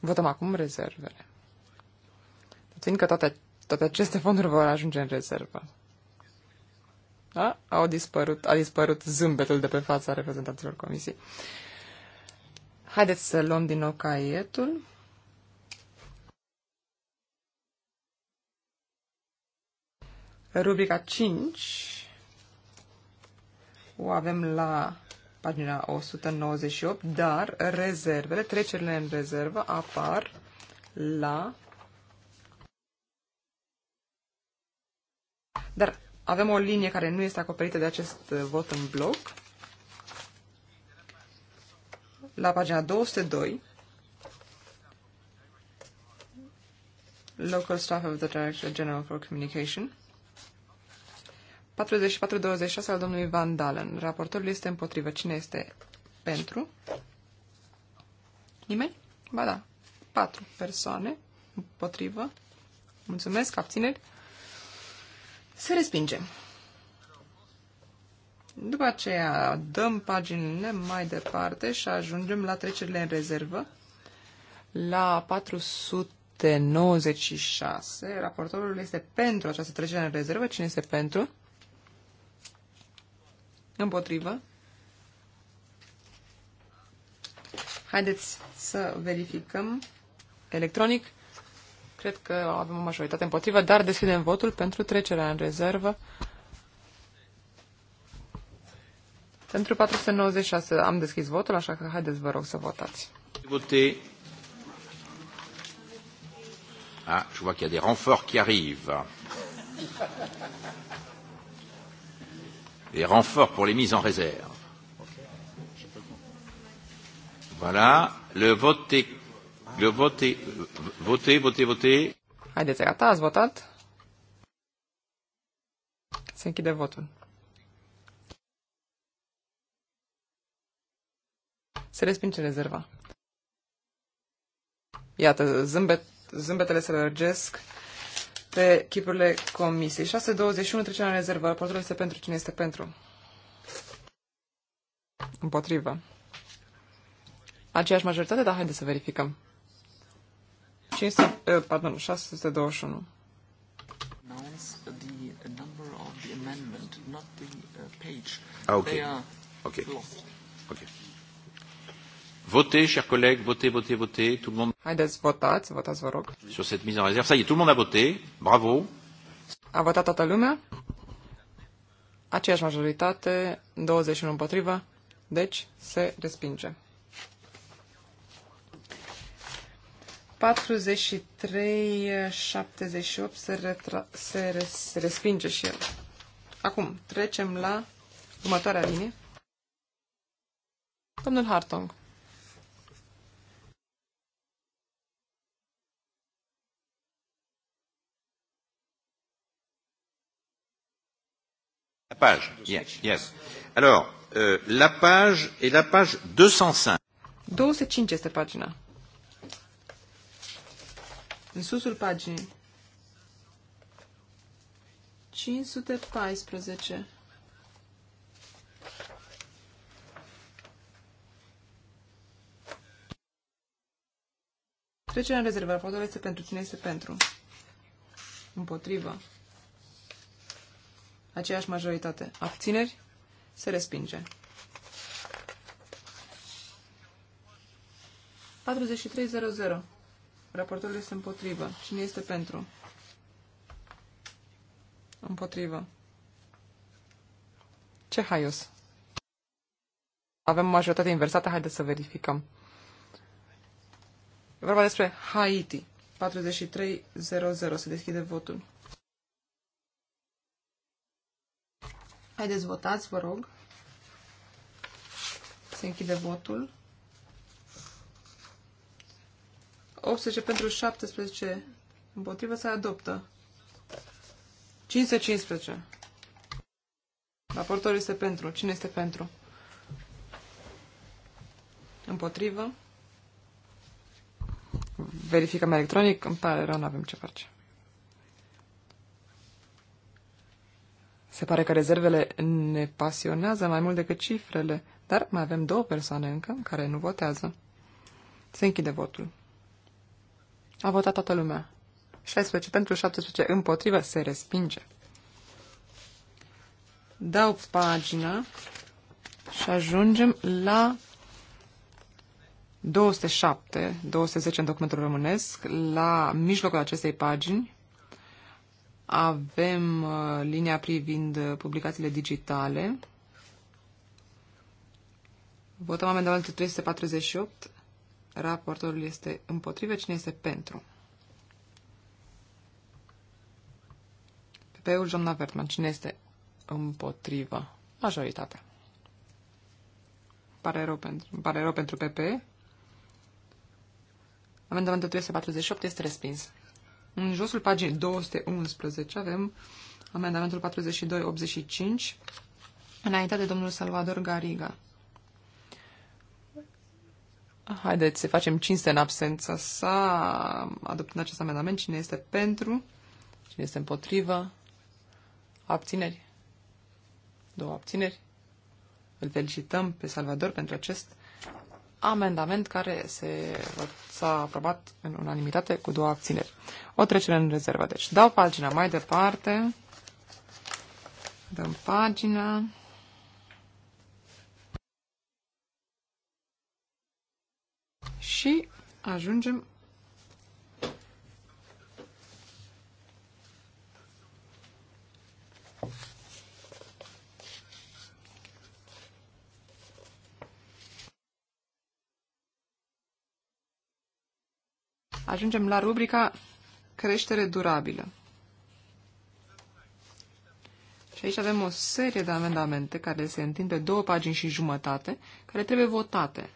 Votăm acum rezervele. Țin că toate, toate aceste fonduri vor ajunge în rezervă. Da? Au dispărut, a dispărut zâmbetul de pe fața reprezentanților comisiei. Haideți să luăm din nou caietul. Rubrica 5 o avem la pagina 198, dar rezervele, trecerile în rezervă apar la... Dar avem o linie care nu este acoperită de acest uh, vot în bloc. La pagina 202, Local Staff of the Director General for Communication, 44-26 al domnului Van Dalen. Raportorul este împotrivă. Cine este pentru? Nimeni? Ba da. Patru persoane împotrivă. Mulțumesc. Abțineri. Se respinge. După aceea dăm paginile mai departe și ajungem la trecerile în rezervă. La 496, raportorul este pentru această trecere în rezervă. Cine este pentru? Împotrivă. Haideți să verificăm electronic. Cred că avem o majoritate împotrivă, dar deschidem votul pentru trecerea în rezervă. Pentru 496 am deschis votul, așa că haideți, vă rog, să votați. Ah, je vois qu'il y a des renforts qui arrivent. Des renforts pour les mises en réserve. Voilà, le vote est le vot est voté, voté, Haideți, gata, ați votat? Se închide votul. Se respinge rezerva. Iată, zâmbet, zâmbetele se lărgesc pe chipurile comisiei. 621 trece la rezervă. Raportul este pentru cine este pentru. Împotrivă. Aceeași majoritate, dar haideți să verificăm. 621. Eh, Announce uh, ah, okay. Okay. Votez, chers collègues, votez, votez, votez. Tout le monde. Haideți, votați, votați, vă rog. Sur cette mise en réserve. Ça y est, tout le monde a voté. Bravo. A votat toată lumea? Aceeași majoritate, 21 împotrivă, deci se respinge. 43, 78 se, se, se respinge și el. Acum, trecem la următoarea linie. Domnul Hartong. La page, yes, yes. Alors, euh, la page est la page 205. 205 este pagina în susul paginii. 514. Trecerea în rezervă. Raportul este pentru cine este pentru. Împotrivă. Aceeași majoritate. Abțineri. Se respinge. 4300. Raportorul este împotrivă. Cine este pentru? Împotrivă. Ce haios? Avem majoritate inversată, haideți să verificăm. E vorba despre Haiti. 4300. Se deschide votul. Haideți, votați, vă rog. Se închide votul. 18 pentru 17 împotrivă se adoptă. 515. Raportorul este pentru. Cine este pentru? Împotrivă. Verificăm electronic. Îmi pare rău, nu avem ce face. Se pare că rezervele ne pasionează mai mult decât cifrele, dar mai avem două persoane încă care nu votează. Se închide votul. A votat toată lumea. 16 pentru, 17 împotrivă, se respinge. Dau pagina și ajungem la 207, 210 în documentul românesc. La mijlocul acestei pagini avem uh, linia privind uh, publicațiile digitale. Votăm amendamentul 348 Raportorul este împotrivă. Cine este pentru? PP-ul, doamna Vertman. Cine este împotrivă? Majoritatea. Pare rău pentru, pare rău pentru PP. Amendamentul 348 este respins. În josul paginii 211 avem amendamentul 4285 înaintea de domnul Salvador Gariga. Haideți să facem cinste în absența sa, adoptând acest amendament. Cine este pentru? Cine este împotrivă? Abțineri? Două abțineri. Îl felicităm pe Salvador pentru acest amendament care se, s-a aprobat în unanimitate cu două abțineri. O trecere în rezervă. Deci dau pagina mai departe. Dăm pagina. Și ajungem Ajungem la rubrica creștere durabilă. Și aici avem o serie de amendamente care se întind pe două pagini și jumătate, care trebuie votate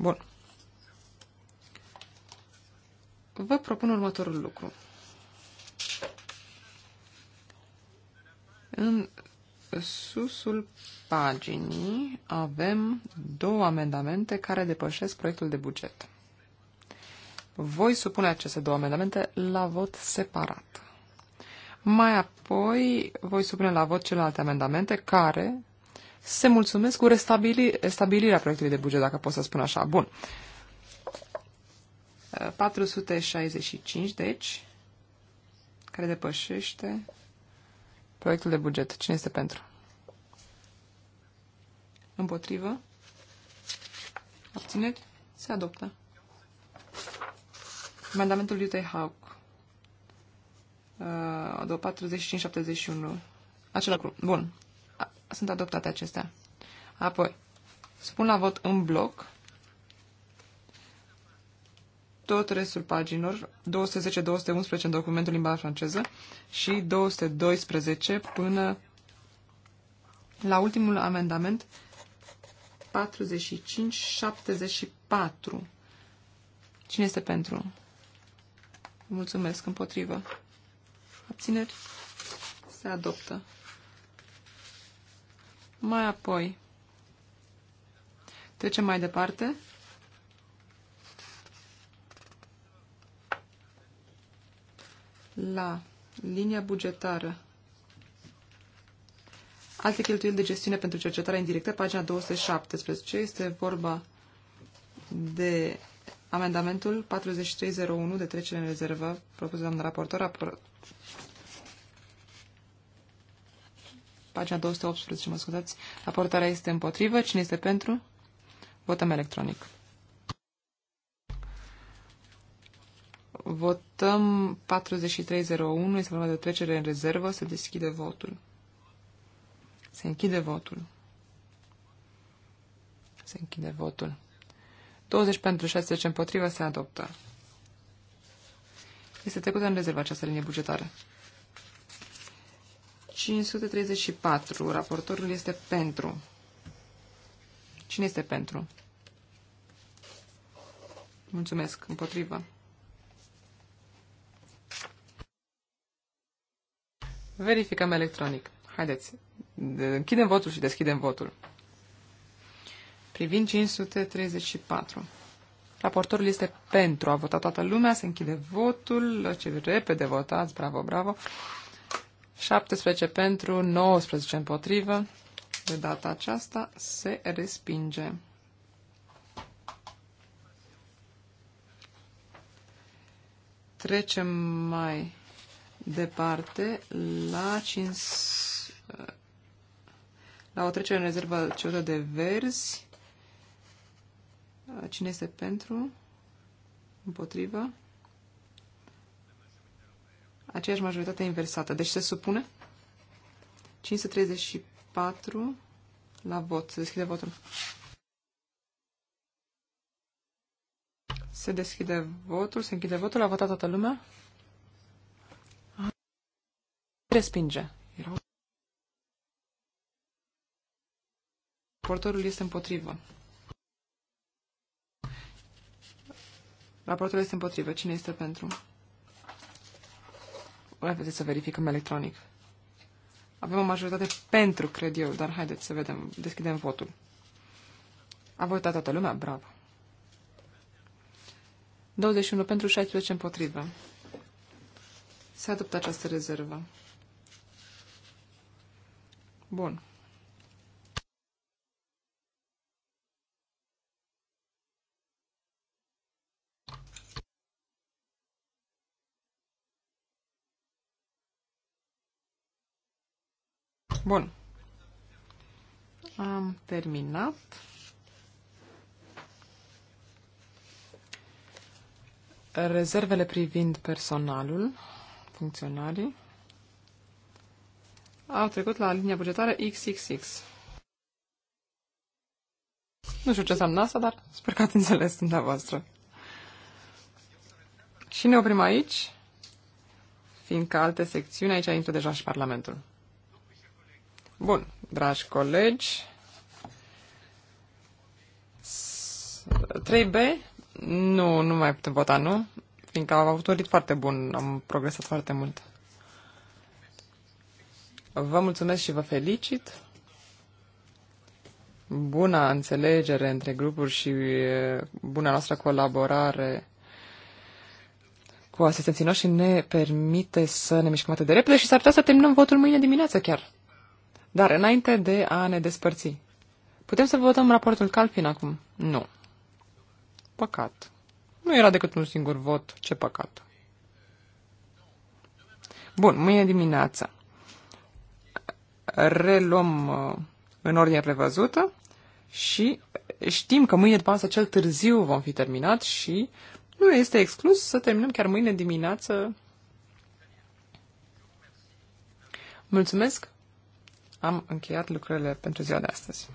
Bun. Vă propun următorul lucru. În susul paginii avem două amendamente care depășesc proiectul de buget. Voi supune aceste două amendamente la vot separat. Mai apoi voi supune la vot celelalte amendamente care se mulțumesc cu restabilirea proiectului de buget, dacă pot să spun așa. Bun. 465, eh, deci, care depășește proiectul de buget. Cine este pentru? Împotrivă? Abțineri? Se adoptă. Amendamentul Utah Hawk. Uh, 45-71. Acela lucru. Bun sunt adoptate acestea. Apoi, spun la vot în bloc tot restul paginilor, 210-211 în documentul limba franceză și 212 până la ultimul amendament 45-74. Cine este pentru? Mulțumesc, împotrivă. Abțineri? Se adoptă. Mai apoi, trecem mai departe. La linia bugetară. Alte cheltuieli de gestiune pentru cercetare indirectă, pagina 217, este vorba de amendamentul 4301 de trecere în rezervă propus de doamna raportor, pagina 218, mă scuzați, raportarea este împotrivă. Cine este pentru? Votăm electronic. Votăm 4301, este vorba de trecere în rezervă, se deschide votul. Se închide votul. Se închide votul. 20 pentru 16 împotrivă se adoptă. Este trecută în rezervă această linie bugetară. 534. Raportorul este pentru. Cine este pentru? Mulțumesc. Împotrivă. Verificăm electronic. Haideți. Închidem votul și deschidem votul. Privind 534. Raportorul este pentru. A votat toată lumea. Se închide votul. Ce repede votați. Bravo, bravo. 17 pentru, 19 împotrivă. De data aceasta se respinge. Trecem mai departe la 5 la o trecere în rezervă cerută de verzi. Cine este pentru? Împotrivă? aceeași majoritate inversată. Deci se supune 534 la vot. Se deschide votul. Se deschide votul, se închide votul, a votat toată lumea. Respinge. Raportorul este împotrivă. Raportul este împotrivă. Cine este pentru? Haideți să verificăm electronic. Avem o majoritate pentru, cred eu, dar haideți să vedem. Deschidem votul. A votat toată lumea? Bravo! 21 pentru 16 împotrivă. Se adoptă această rezervă. Bun. Bun. Am terminat. Rezervele privind personalul, funcționarii, au trecut la linia bugetară XXX. Nu știu ce înseamnă asta, dar sper că ați înțeles dumneavoastră. Și ne oprim aici, fiindcă alte secțiuni, aici intră deja și Parlamentul. Bun, dragi colegi, 3B, nu, nu mai putem vota, nu? Fiindcă am avut un rit foarte bun, am progresat foarte mult. Vă mulțumesc și vă felicit. Buna înțelegere între grupuri și eh, buna noastră colaborare cu asistenții noștri ne permite să ne mișcăm atât de repede și s-ar putea să terminăm votul mâine dimineață chiar. Dar înainte de a ne despărți, putem să votăm raportul Calfin acum? Nu. Păcat. Nu era decât un singur vot. Ce păcat. Bun, mâine dimineață. Reluăm uh, în ordine prevăzută și știm că mâine după asta cel târziu vom fi terminat și nu este exclus să terminăm chiar mâine dimineață. Mulțumesc! am încheiat lucrările pentru ziua de astăzi.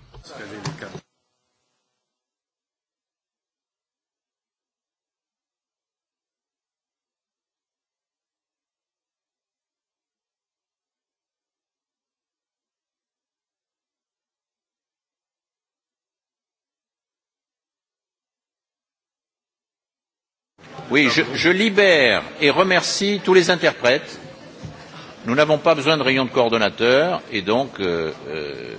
Oui, je, je libère et remercie tous les interprètes. Nous n'avons pas besoin de réunion de coordonnateurs et donc euh, euh,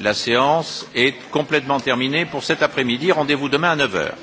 la séance est complètement terminée pour cet après-midi. Rendez-vous demain à 9 heures.